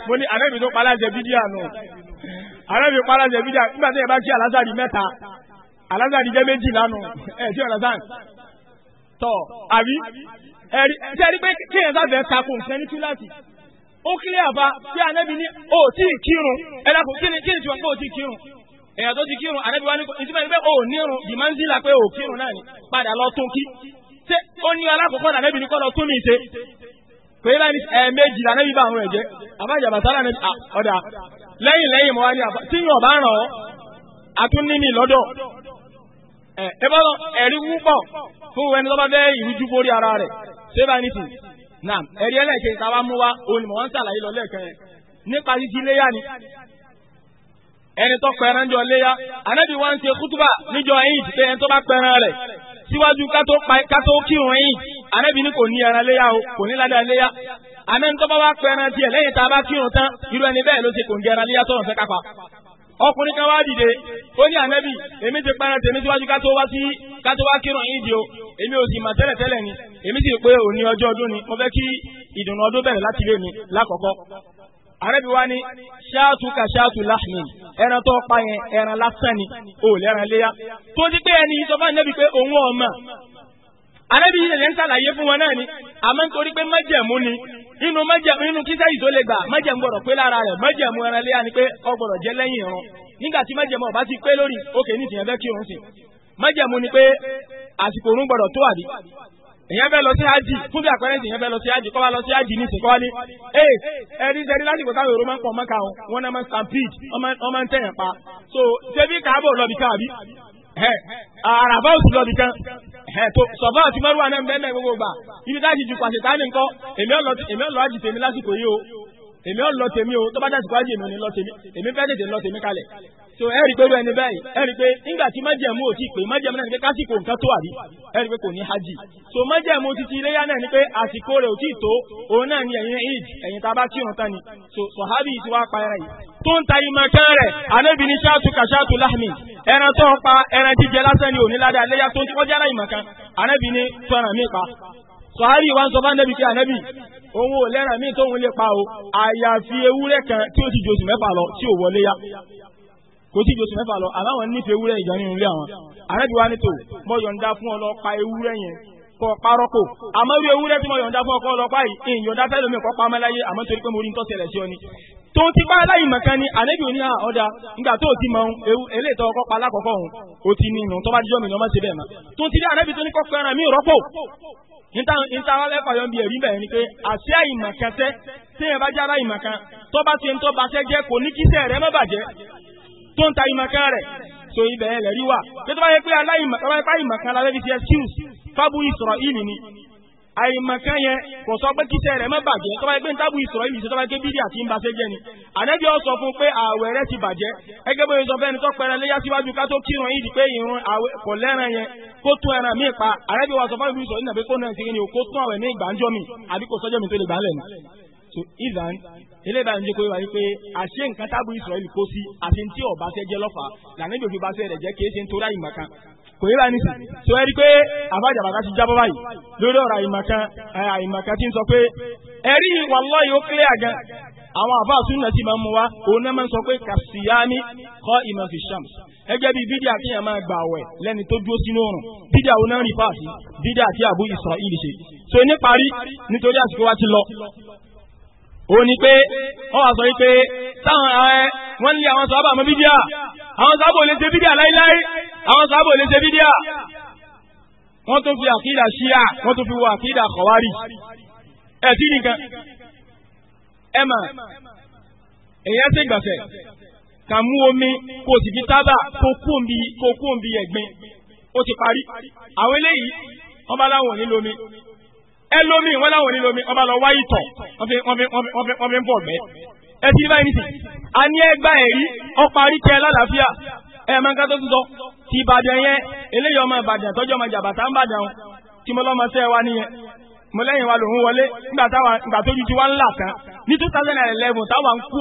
mo ní anẹ́bí tó bídíà nù anẹ́bí bídíà nígbà bá alága àdìjẹ́ méjì lánàá ẹ̀ tí ọ̀rọ̀ sáà tọ̀ àbí ẹ̀rí sẹ́rí pé kí ẹ̀ sáfẹ́ takò nǹkan ní túláàsì ó kílẹ̀ àbá tí anábì ní ó tí ì kírun ẹ̀dá kò kí ni kí ni tí wọ́n pé ó tí ì kírun tó ti kírun anábì wá ní ìtumọ̀ ẹni pé ó nírun dìmánzílà pé ó kírun náà ni padà lọ tún kí ṣé ó ní alákòókò anábì ní kọ́ lọ tún mi ṣe pé láì ẹ̀ẹ̀mejì anábì bá àwọn ẹ̀jẹ̀ àbájábàtà anábì ah, ọ̀dà lẹ́yìn lẹ́yìn mọ́ wá ní àbá tí yóò bá ràn ọ́ àtúnnímì lọ́dọ̀ Eh, ẹ̀bọ́n ẹ̀rí wúpọ̀ fún ẹni tó bá fẹ́ ìrújú borí ara rẹ̀ ṣé bá ní sìn náà ẹ̀rí ẹlẹ́ẹ̀kejì tá a wá mú wa onímọ̀ wọn ṣàlàyé lọ lẹ́ẹ̀kan nípa títí léyà ni ẹni tó pẹran jọ léyà anábì wa ń ṣe kútúbà níjọ ẹ̀yìn pé ẹni tó bá pẹran rẹ̀ síwájú kátó kírun ẹ̀yìn anábì ní kò ní ẹran léyà o kò ní ládàá léyà anábì tó bá wá pẹran tiẹ̀ lẹ́yìn tá a bá kírun tán irú ẹni bẹ́ẹ̀ ló ṣe kò ń gẹran léyà tó ń fẹ́ kápá ọkùnrin kan wá dìde ó ní ànábì èmi ti pẹran tèmi síwájú ká tó wá sí ká tó wá kírun yín di o èmi ò sì mà tẹ́lẹ̀ tẹ́lẹ̀ ni èmi sì pé òní ọjọ́ ọdún ni mo fẹ́ kí ìdùnnú ọdún bẹ̀rẹ̀ láti lé mi lákọ̀ọ́kọ́ àrẹ́bí wa ni ṣáàtú ka ṣáàtú láhìmì ẹran tó pa yẹn ẹran lásán ni òòlù ẹran léyà tó ti pé ẹni ìsọfún ànábì pé òun ọ̀ma anábì ìṣẹ̀lẹ̀ ń ṣàlàyé fún wọn náà ni àmọ́ nítorí pé májẹ̀mú ni inú májẹ̀mú inú kíṣẹ́ yìí tó lè gbà májẹ̀mú gbọ́dọ̀ pé lára rẹ̀ májẹ̀mú ẹran léyà ni pé ó gbọ́dọ̀ jẹ́ lẹ́yìn irun nígbà tí májẹ̀mú ọ̀bá ti pé lórí òkè ní ìtìyẹn kí òun sìn májẹ̀mú ni pé àsìkò òun gbọ́dọ̀ tó àbí èyàn fẹ́ lọ sí ájì fún bí àpẹẹrẹ ìsìn fẹ́ lọ sí ee ẹni sẹ́ni pọ̀ mọ́ka wọn wọn náà máa stampede wọ́n máa ń pa so ṣé bí Eh, tó sọ̀fà àti mẹ́rùwà náà ń bẹ́ẹ̀ gbogbo gbà ibi táyì ju pàṣẹ táyì nǹkan èmi ọ̀lọ́ àjì tèmi lásìkò yìí o èmi ọ̀ lọ tèmi o tó bá dàsìkò àjì èmi ò ní lọ tèmi èmi fẹ́ tètè lọ tèmi kalẹ̀ so ẹ rí i pé ẹni báyìí ẹ rí i pé nígbà tí májẹ̀mú ò ti pè májẹ̀mú náà ni pé kásìkò nǹkan tó àbí ẹ rí i pé kò ní hajj so májẹ̀mú títí iléyà náà ni pé àsìkò rẹ̀ ò tí ì tó òun náà ni ẹ̀yin eid ẹ̀yin tá a bá kírun tán ni so sọ̀hábì ti wá pa ẹran yìí tó ń ta ìmọ̀ kan rẹ̀ anábì ní ṣáàtú kàṣáàtú láhmì ẹran tó ń pa ẹran jíjẹ lásán ni òní ládàá iléyà tó ń kọjá láì mọ̀ kan anábì ní tọ́ràn mí pa sọ̀hábì wá ń sọ òun ò lẹ́ràn míì tóun lè pa o àyàfi ewúrẹ́ kan tí ó ti ju oṣù mẹ́fà lọ tí ò wọlé yá kò tí ju oṣù mẹ́fà lọ àláwọn nífẹ̀ẹ́ ewúrẹ́ ìjà nínú ilé àwọn àrẹ́bí wa ní tò mọ́yọ̀ ń dá fún ọ lọ pa ewúrẹ́ yẹn kọ parọ́ kò àmọ́ irú ewúrẹ́ tí mo yọ̀ǹda fún ọkọ ọlọ́pàá yìí ìyọ̀ǹda fẹ́ lómi kọ́ pamọ́ láyé àmọ́ torí pé mo rí ń tọ́sẹ̀lẹ̀ sí ọ ni. tó ń ti bá aláì mọ̀kan ni àlejò ní nígbà tó ti mọ pa alákọ̀ọ́kọ́ òun ó ti ní inú tó bá díjọ́ mi ọmọ ṣe bẹ́ẹ̀ tó ń ti rí mi rọ́pò so ibẹ̀ ẹ̀ lẹ́rí wà pé tó bá yẹ pé aláìmọ̀ tó bá yẹ pé àìmọ̀kan la lẹ́bi fi excuse fábù ìsọ̀rọ̀ ìlì ni àìmọ̀kan yẹn kò sọ pé kíṣẹ́ rẹ̀ má bàjẹ́ tó bá yẹ pé ń tábù ìsọ̀rọ̀ ìlì tó bá yẹ pé bídí àti ń ba ṣe jẹ ni ànẹ́bí ọ sọ fún pé ààwẹ̀ rẹ̀ ti bàjẹ́ ẹgẹ́ bóyá sọ fẹ́ni tó pẹ̀rẹ̀ léyà síwájú ká tó kírun yìí di pé ìrun kò lẹ́ran yẹn kó tún ẹran míì pa ànẹ́bí wa sọ fún ìsọ̀rọ̀ ìlì náà pé kó náà ti rí ni kó tún àwẹ̀ ní ìgbàǹjọ́ mi àbí kò sọ́jọ́ mi tó lè gbà lẹ́nu so ivan eléyìí báyìí ń jẹ́ kó wáyé pé àṣé nǹkan tábù Israẹli kó sí àti tí ọba ṣe jẹ́ lọ́fà lànà ìjòfin bá ṣe rẹ̀ jẹ́ kéé ṣe ń torí àyìnbá kan kò yé báyìí so ẹ rí i pé àbájábàtà ti jábọ́ báyìí lórí ọ̀rọ̀ àyìnbá kan àyìnbá kan ti ń sọ pé ẹ̀rí wàlláhì ó clear gan àwọn àbá àtúnlẹ̀ tí máa ń mú wa òun náà máa ń sọ pé kàṣíyámi kọ́ ìmọ̀ fi ṣàmù ẹgẹ́ bíi bídíà kí máa gbà wẹ̀ lẹ́ni tó dúró sínú òrùn bídíà òun náà bídíà tí Abu Israili ṣe so níparí nítorí àsìkò wa ti lọ ó ní pé ọ wà sọ wípé táwọn ẹ wọ́n lé àwọn sábà mọ́ bídíà àwọn sábà ò lè ṣe bídíà láíláí àwọn sábà ò lè ṣe bídíà wọ́n tún fi àkídà ṣíà wọ́n tún fi wọ àkídà kọ̀wárì ẹ̀ tí nìkan ẹ mà ṣe gbàfẹ́ kà mú omi kò sì fi tábà kó kóńbi kó kóńbi ẹ̀gbin ó ti parí àwọn eléyìí wọ́n bá láwọn ò ní lómi ẹlómi wọn láwọn ní lomi ọba lọ wá ìtọ̀ wọ́n fi ń ẹ ti báyìí nìsín a ní ẹgbà ẹ̀rí ọ̀pá àríkẹ́ lálàáfíà ẹ̀ máa ń ká tó ti ìbàdàn yẹn eléyìí ọmọ ìbàdàn tọjọ ọmọ jàbàtà ń bàdàn o wa nìyẹn mo wa lòun wọlé nígbà tó ju ti wá ńlá kan ní two thousand and eleven táwa ń kú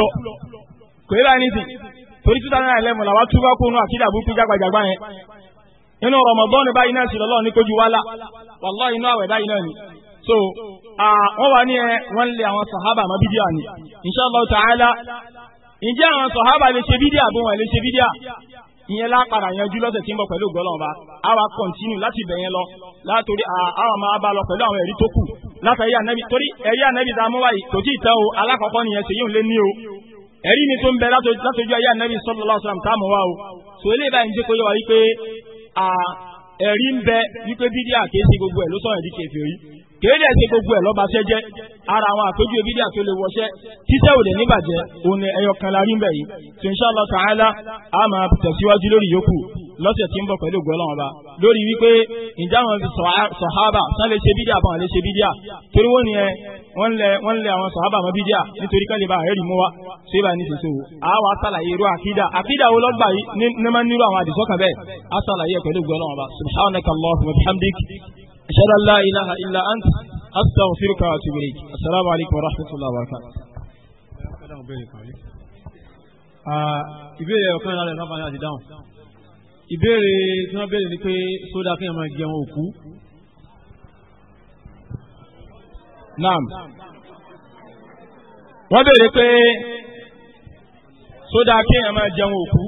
lọ òun wọ torí two thousand and eleven làwa túbá kúnú àkídà burúkú jágbàjàgbà yẹn nínú Ramadan báyìí náà sì lọ́lọ́ ní kójú wálá wàlọ́ inú àwẹ̀ báyìí náà ni so wọ́n wà ní ẹ wọ́n lé àwọn sàhábà mọ́ bídíà ni insha Allah ta'ala ǹjẹ́ àwọn sàhábà lè ṣe bídíà bí wọ́n lè ṣe bídíà ìyẹn lápàdà yanjú lọ́sẹ̀ tí ń bọ̀ pẹ̀lú ògbọ́lọ́ọ̀ba àwa kọ̀ntínú láti bẹ̀yẹn lọ látòrí àwa máa bá lọ pẹ̀lú àwọn ẹ̀rí tó kù látàrí ànẹ́bí torí ẹ̀rí ànẹ́bí tá a mú wáyé kò tí ì tẹ́ o alákọ̀ọ́kọ́ nìyẹn ṣèyí ò lé ní o ẹ̀rí mi tó ń bẹ látọjú ayé ànábì sallallahu alaihi wasallam táàmù wa o tó ilé ìbáyìí ń jẹ́ kó yọ wá wípé ẹ̀rí ń bẹ wípé bídíà kìí ṣe gbogbo ẹ̀ ló sọ̀rọ̀ ìdí kẹfì orí kìí dẹ̀ gbogbo ẹ̀ lọ́ba ṣẹ́ ara àwọn àpéjúwe bídíà tó lè wọṣẹ́ títẹ̀ òde níbàjẹ́ òun ẹyọ kan la rí ń bẹ yìí tó insha Allah ta'ala a máa tẹ̀síwájú lórí yòókù lọ́sẹ̀ tí ń bọ̀ pẹ̀lú ògbọ́n ọlọ́run ọba lórí wípé ǹjẹ́ àwọn sọ̀hábà sàn lè ṣe bídíà bọ́n lè ṣe bídíà torí wọ́n ni ẹ wọ́n lẹ wọ́n lẹ àwọn sọ̀hábà mọ́ bídíà nítorí kálí bá àárẹ̀ mú wa ṣé bá ní ṣèṣe o a wà sàlàyé irú àkídà àkídà wo lọ́gbà yìí ní máa nírú àwọn àdìsọ́kàn bẹ́ẹ̀ a sàlàyé pẹ̀lú ògbọ́n ọlọ́run ọba subhanaka allahumma ọ̀kan lára ẹ̀ lọ́kàn láti dáhùn ìbéèrè tí wọ́n béèrè ni pé sódà kí wọ́n máa jẹun òkú. Naam. Wọ́n béèrè pé sódà kí wọ́n máa jẹun òkú.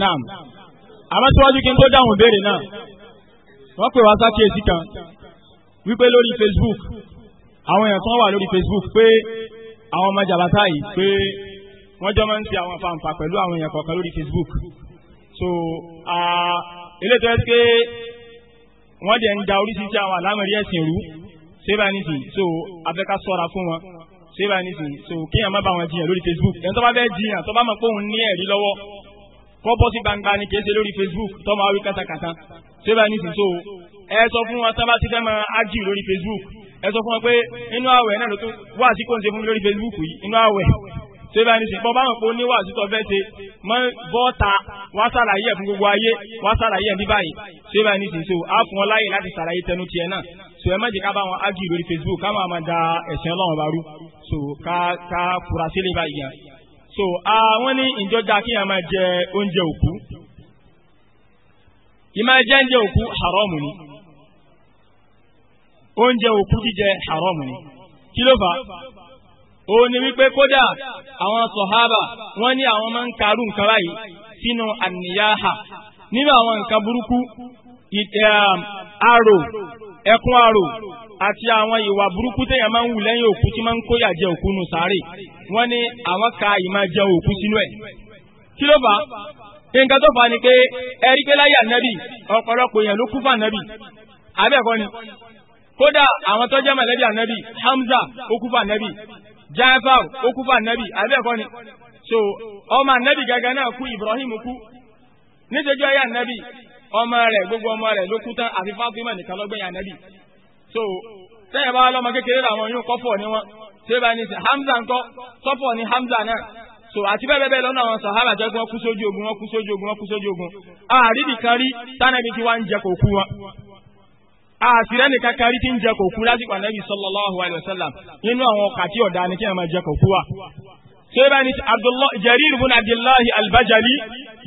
Naam. Àmọ́ síwájú kí n tó dáhùn ìbéèrè náà, wọ́n pè wá sákèésí kan wípé lórí Facebook, àwọn èèyàn kan wà lórí Facebook pé àwọn ọmọ jàbátá yìí pé wọ́n jọ máa ń ṣe àwọn fanfa pẹ̀lú àwọn èèyàn kọ̀ọ̀kan lórí Facebook so eléyìí tó yẹ pé wọ́n jẹ́ ń da oríṣiríṣi àwọn àlámọ̀rí ẹ̀sìn rú sébà nìsín so abẹ́ká sọ́ra fún wọn sébà nìsín so kéèyàn má bá wọn jiyàn lórí Facebook ẹni tó bá bẹ́ẹ̀ jiyàn tó bá mọ̀ pé òun ní ẹ̀rí lọ́wọ́ kọ́ gbangba ni kì ṣe lórí Facebook tó máa wí kátàkátà sébà nìsín so ẹ sọ fún wọn tó bá ti fẹ́ máa ájì lórí Facebook ẹ sọ fún wọn pé inú àwẹ̀ náà ló tún wá àsìkò ń fún mi lórí Facebook yìí inú àwẹ̀ ṣé ni ní sìn bọ́ bá mọ̀ pé ó ní wàásù tó fẹ́ ṣe mọ́ bọ́ta wá ṣàlàyé ẹ̀ fún gbogbo ayé wá ṣàlàyé ẹ̀ ní báyìí ṣé bá ní sìn so fún ọ láyè láti ṣàlàyé tẹnu tiẹ̀ náà so ẹ má jẹ́ ká bá wọn ágì lórí Facebook ká máa máa da ẹ̀sìn ọlọ́run bá rú so ká ká fura sílẹ̀ báyìí yẹn so àwọn ní ìjọjà kí a máa jẹ oúnjẹ òkú ìmá jẹ oúnjẹ òkú haramu ni oúnjẹ òkú jíjẹ haramu ni kí ló fà ó ní wípé kódà àwọn sọ̀hábà wọ́n ní àwọn máa ń karú nǹkan báyìí sínú àníyáhà nínú àwọn nǹkan burúkú àrò ẹkún àrò àti àwọn ìwà burúkú téèyàn máa ń wù lẹ́yìn òkú tí máa ń kóyà jẹ òkú nù sáré wọ́n ní àwọn ka ìmá jẹ òkú sínú ẹ̀ kí ló fà á nǹkan tó fà á ni pé ẹ̀rí pé láyà nẹ́bì ọ̀pọ̀lọpọ̀ èèyàn ló kú fà nẹ́bì àbẹ́ẹ̀kọ́ ni kódà àwọn tó jẹ́ mọ̀lẹ́bí ànẹ́bì Hamza ó kú fà nẹ́bì Jafar ó kú fún ànábì àbẹ́ẹ̀kọ́ ni so ọmọ ànábì gangan náà kú Ibrahim kú níjẹjọ́ ayé ànábì ọmọ rẹ gbogbo ọmọ rẹ ló kú tán àfi Fatima nìkan lọ́gbẹ̀yìn so sẹ́yìn bá lọ́mọ kékeré làwọn yóò ni wọn ṣé bá ní Hamza ńkọ́ ni so àti bẹ́ẹ̀ bẹ́ẹ̀ lọ́nà àwọn jẹ́ kú ogun kú ogun kú ogun àrídìí kan rí tí ń jẹ kú àṣìrẹ́ nìkan kan rí tí ń jẹ kòkú lásìkò ànábì sallallahu alayhi wa sallam nínú àwọn ọkà tí ọ̀dà ni kí ẹ máa jẹ kòkú wa. ṣé bá ní Jarir ibn Abdullahi al-Bajali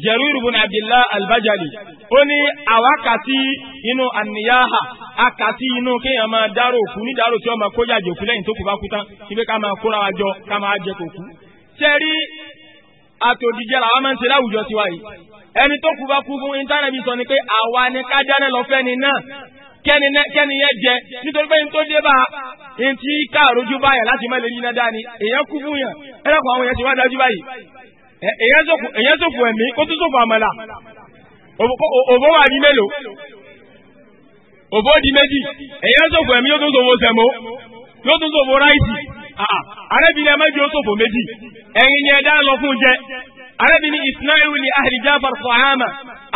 Jarir ibn Abdullahi ó ní àwa kà sí inú àníyáhà a máa dárò òkú ní dárò tí wọ́n máa kó yàjò òkú lẹ́yìn tó kù bá kú tán ibi ká máa kóra wa jọ ká máa jẹ kòkú. ṣẹ́rí àtòjíjẹ làwọn máa ń ṣe láwùjọ tiwa yìí ẹni tó kù bá kú fún íńtánẹ́ẹ̀tì sọ ni pé àwa ni ká dáná lọ fẹ́ni náà kẹ́ni yẹn jẹ nítorí pé n tó dé bá n ti káàrójú báyà láti má lè yín náà dání èèyàn kú fún yàn àwọn yẹn ti wá dájú báyìí èèyàn ṣòfò ẹ̀mí kó tún àmàlà òbó wà ní mélòó di méjì ẹ̀mí yóò tún ṣòfò sẹ̀mó yóò tún méjì ẹ̀yin yẹn dá lọ fún jẹ ìsìnáìwìlì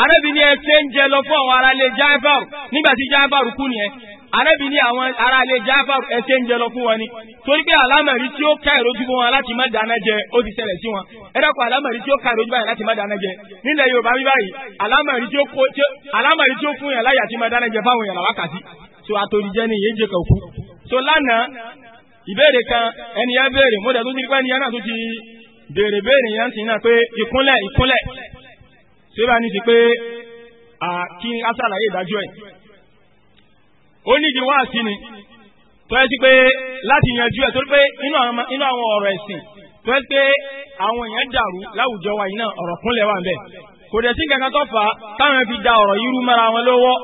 arábì ní ẹsẹ̀ ń jẹ lọ fún àwọn aráalé jáfàrù nígbà tí jáfàrù kú nìyẹn arábì ní àwọn aráalé jáfàrù ẹsẹ̀ ń jẹ lọ fún wọn ni torí pé àlámọ̀rí tí ó ká ìrojú fún wọn láti má dáná jẹ ó ti ṣẹlẹ̀ sí wọn ẹ̀rọ̀kọ̀ àlámọ̀rí tí ó ká ìrojú báyìí láti má dáná jẹ nílẹ̀ Yorùbá bí báyìí àlámọ̀rí tí ó fún yàn láyà tí má dáná jẹ fáwọn yàn làwákàtí so àtòrìjẹ ni ìyẹn jẹ kàn kú so lánàá ìbéèrè kan ẹnìyàn béèrè mo dẹ̀ tó ti rí pé ẹnìyàn náà tó ti béèrè béèrè ṣé bá ní sí pé kí a ṣàlàyé ìdájọ́ ẹ̀ ó nídìí wá sí ni tó yẹ sí pé láti yanjú ẹ̀ torí pé inú àwọn ọ̀rọ̀ ẹ̀sìn tó yẹ pé àwọn èèyàn dàrú láwùjọ wa yìí náà ọ̀rọ̀ kúnlẹ̀ wà ń kò dẹ̀ sí kankan tó fà á táwọn fi da ọ̀rọ̀ yìí rú mọ́ra wọn lọ́wọ́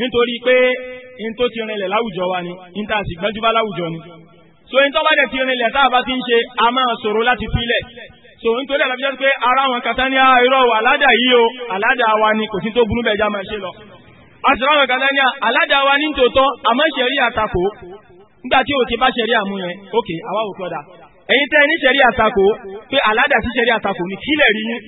nítorí pé n tó ti rinlẹ̀ láwùjọ wa ni n ta sì gbẹ́jú bá láwùjọ ni so ẹni tó bá dẹ̀ ti rinlẹ̀ tá a bá ti ń ṣe a máa ṣòro láti filẹ̀ so nítorí àlàbí jẹ́ pé ara àwọn kàtá ní ah, irọ́ wà aládà yìí o aládà wa ni kò sí tó burú bẹ́ẹ̀ já máa ṣe lọ àṣìṣe àwọn kàtá ní aládà ah, wa ní tòótọ́ àmọ́ ṣẹ̀rí àtakò nígbà tí o ti bá ṣẹ̀rí àmú yẹn ok àwa ò kọ́dà ẹ̀yin tẹ́ ẹ ní ṣẹ̀rí àtakò pé aládà sí ṣẹ̀rí àtakò ní kílẹ̀ rí yín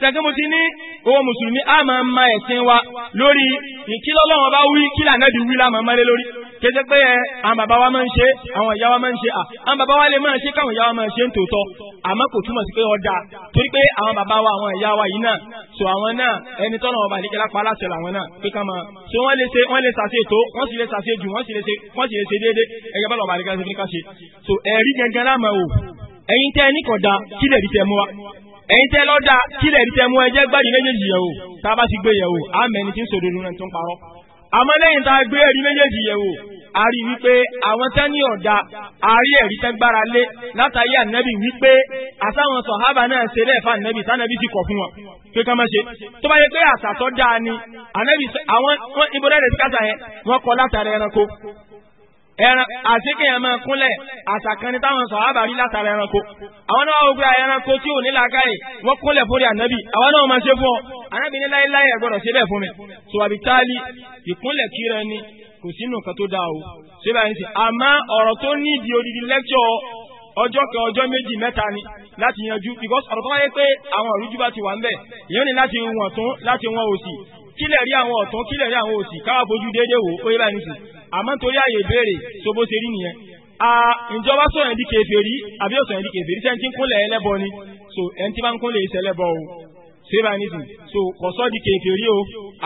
tẹ́gbẹ́ mo ti ní owó mùsùlùmí a máa ma ẹ̀sìn wa lórí ìkílọ́lọ́wọ́n bá wí kílà náà di wí lámàmálé lórí kéde pé ẹ eh, àwọn bàbá wa máa ń ṣe àwọn ìyá wa máa ń ṣe à àwọn bàbá wa lè máa ṣe káwọn ìyá wa máa ṣe ń tòótọ́ àmọ́ kò túmọ̀ sí pé ọ̀dà torí pé àwọn bàbá wa àwọn ìyá wa yìí náà so àwọn náà ẹni tọ́nà ọba àdékẹ́ lápá aláṣẹ làwọn náà pé ká máa so wọ́n lè ṣe wọ́n lè ṣàṣe ètò wọ́n sì lè ṣàṣe jù wọ́n sì lè ṣe wọ́n sì lè ṣe déédéé ẹ ní tẹ mú wa ẹ̀yin tẹ́ tẹ mú ẹ jẹ́ gbádùn méjèèjì yẹ̀ o tá a bá ti gbé yẹ̀ o àmẹ́ni tí ń sòdodo náà tó ń parọ́ àmọ́ lẹ́yìn tá a gbé ẹ̀rí méjèèjì yẹ̀wò a rí wípé àwọn tẹ́ ní ọ̀dà a rí ẹ̀rí tẹ́ gbára lé látàrí ànẹ́bì wípé àtàwọn sọ̀hábà náà ṣe lẹ́ẹ̀fà ànẹ́bì tánẹ́bì ti kọ̀ fún wọn pé ká má ṣe tó bá yẹ pé àṣà tó dáa ni ànẹ́bì àwọn ibodẹ́rẹ́ ti kásà yẹn wọ́n kọ látàrí ẹranko ẹran àti kéèyàn máa kúnlẹ̀ àṣàkanni táwọn sọ àbárí látara ẹranko àwọn náà wọ́n gbé ẹranko tí ò ní làákàyè wọ́n kúnlẹ̀ fórí ànábì àwọn náà máa ṣe fún ọ ànábì ní láéláé ẹ̀gbọ́dọ̀ ṣe bẹ́ẹ̀ fún mi tó àbí táàlì ìkúnlẹ̀ kíra ni kò sínú nǹkan tó dáa o ṣé báyìí ṣe àmọ́ ọ̀rọ̀ tó ní ìdí odidi lẹ́kṣọ̀ ọjọ́ kan ọjọ́ méjì mẹ́ta ni láti yanjú because ọ̀rọ̀ tó wáyé pé àwọn ìrújú bá ti wà ń bẹ̀ èèyàn ní láti wọ̀n tún láti wọ̀n òsì kílẹ̀ rí àwọn ọ̀tún kílẹ̀ rí àwọn òsì káwá bójú déédéé wò ó yẹ báyìí nìsín àmọ́ torí àyè ìbéèrè tó bó ṣe rí nìyẹn a ìjọba sọ̀rọ̀ ẹ̀dí kèfèrí àbí ọ̀sọ̀ ẹ̀dí kèfèrí sẹ́ni tí ń kúnlẹ̀ ẹlẹ́bọ ni so ẹni tí bá ń kúnlẹ̀ iṣẹ́ ẹlẹ́bọ o save anything so kọ̀sọ́ di kèfèrí o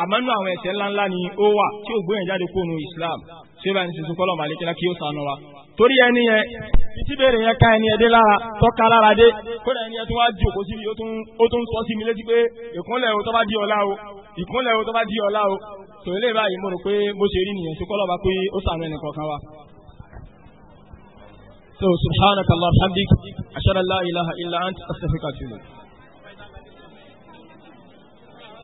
àmọ́ nù àwọn ẹ̀ṣẹ̀ ńláńlá ni ó wà tí ò gbóyàn jáde kóònù Islam save anything so kọ́lọ̀ màlẹ́kẹ́lá kí ó sànù wa torí ẹni yẹn títí béèrè yẹn ká ẹni ẹdẹ lára tọ́ka lára dé kódà ẹni yẹn tó wá di òkú síbi ó tún sọ sí mi létí pé ìkúnlẹ̀ o tó bá di ọ̀la o ìkúnlẹ̀ o tó bá di ọ̀la o tò ilé báyìí mo rò pé mo ṣe rí nìyẹn sókọ́ lọ́ba pé ó sàánú ẹnì kọ̀ọ̀kan wa. so subhanaka allah alhamdulilayi ashadala ilaha illa ant astaghfiruka wa